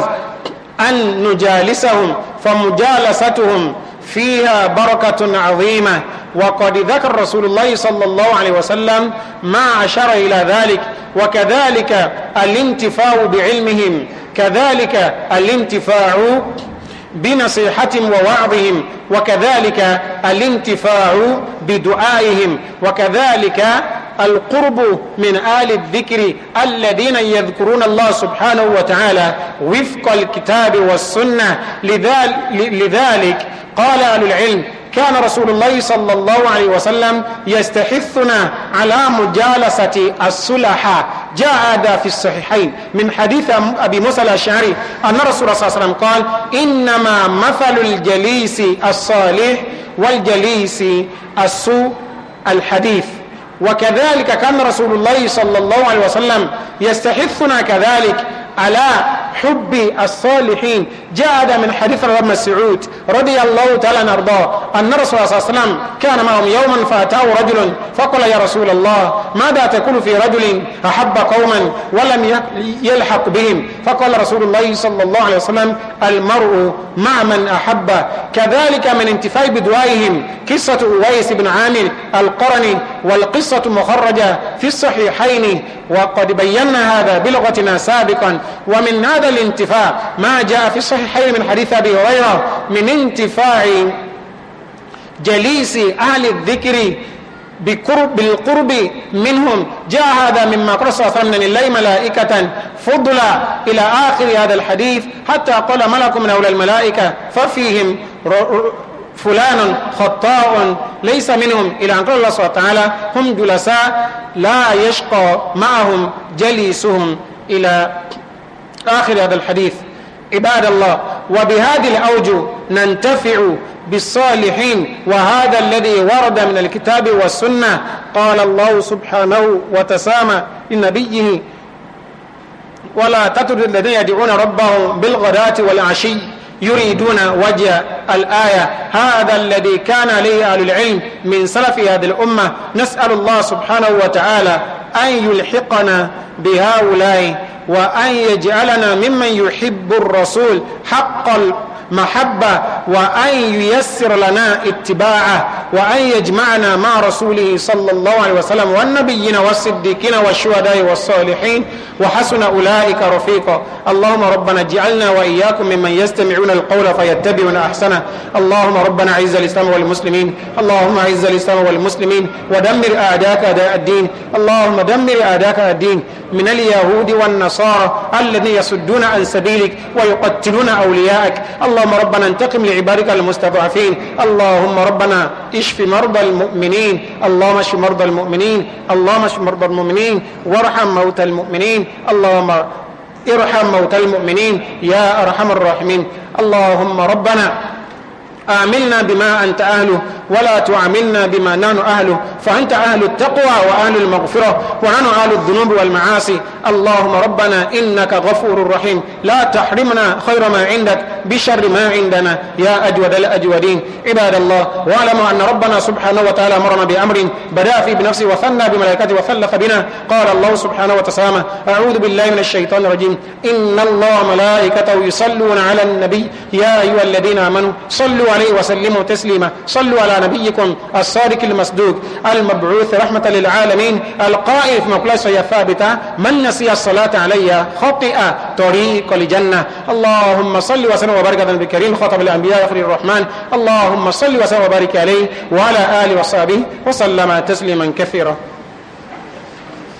S1: أن نجالسهم فمجالستهم فيها بركة عظيمة وقد ذكر رسول الله صلى الله عليه وسلم ما أشار إلى ذلك وكذلك الانتفاع بعلمهم كذلك الانتفاع بنصيحة ووعظهم وكذلك الانتفاع بدعائهم وكذلك القرب من آل الذكر الذين يذكرون الله سبحانه وتعالى وفق الكتاب والسنة لذلك قال أهل العلم كان رسول الله صلى الله عليه وسلم يستحثنا على مجالسة السلحة جاء هذا في الصحيحين من حديث أبي موسى الأشعري أن رسول الله صلى الله عليه وسلم قال إنما مثل الجليس الصالح والجليس السوء الحديث وكذلك كان رسول الله صلى الله عليه وسلم يستحثنا كذلك على حب الصالحين جاء هذا من حديث الرب مسعود رضي الله تعالى عنه أرضاه أن الرسول صلى الله عليه وسلم كان معهم يوما فأتاه رجل فقال يا رسول الله ماذا تكون في رجل أحب قوما ولم يلحق بهم فقال رسول الله صلى الله عليه وسلم المرء مع من أحب كذلك من انتفاء بدوائهم قصة أويس بن عامر القرني والقصة مخرجة في الصحيحين وقد بينا هذا بلغتنا سابقا ومن هذا الانتفاع ما جاء في الصحيحين من حديث أبي هريرة من انتفاع جليس أهل الذكر بقرب بالقرب منهم جاء هذا مما قرص فمن الله الله ملائكة فضلا إلى آخر هذا الحديث حتى قال ملك من أولى الملائكة ففيهم فلان خطاء ليس منهم إلى أن قال الله سبحانه وتعالى هم جلساء لا يشقى معهم جليسهم إلى آخر هذا الحديث عباد الله وبهذه الأوجه ننتفع بالصالحين وهذا الذي ورد من الكتاب والسنة قال الله سبحانه وتسامى لنبيه ولا تترد الذين يدعون ربهم بالغداة والعشي يريدون وجه الآية هذا الذي كان عليه أهل العلم من سلف هذه الأمة نسأل الله سبحانه وتعالى أن يلحقنا بهؤلاء وأن يجعلنا ممن يحب الرسول حق محبة وأن ييسر لنا اتباعه وأن يجمعنا مع رسوله صلى الله عليه وسلم والنبيين والصديقين والشهداء والصالحين وحسن أولئك رفيقا اللهم ربنا اجعلنا وإياكم ممن يستمعون القول فيتبعون أحسنه اللهم ربنا عز الإسلام والمسلمين اللهم عز الإسلام والمسلمين ودمر أعداءك أداء الدين اللهم دمر أعداءك الدين من اليهود والنصارى الذين يصدون عن سبيلك ويقتلون أولياءك اللهم ربنا انتقم لعبادك المستضعفين اللهم ربنا اشف مرضى المؤمنين اللهم اشف مرضى المؤمنين اللهم اشف مرضى المؤمنين وارحم موتى المؤمنين اللهم ارحم موتى المؤمنين يا أرحم الراحمين اللهم ربنا آملنا بما أنت أهله ولا تعاملنا بما نحن أهله فأنت أهل التقوى وأهل المغفرة ونحن أهل الذنوب والمعاصي اللهم ربنا إنك غفور رحيم لا تحرمنا خير ما عندك بشر ما عندنا يا أجود الأجودين عباد الله واعلموا أن ربنا سبحانه وتعالى مرنا بأمر بدأ في بنفسه وثنى بملائكته وثلث بنا قال الله سبحانه وتسامى أعوذ بالله من الشيطان الرجيم إن الله ملائكته يصلون على النبي يا أيها الذين آمنوا صلوا عليه وسلموا تسليما صلوا على نبيكم الصادق المصدوق المبعوث رحمة للعالمين القائل في مقلصة ثابتة من نسي الصلاة علي خطئ طريق الجنة اللهم صل وسلم وبارك على النبي الكريم خاتم الأنبياء آخر الرحمن اللهم صل وسلم وبارك عليه وعلى آله وصحبه وسلم تسليما كثيرا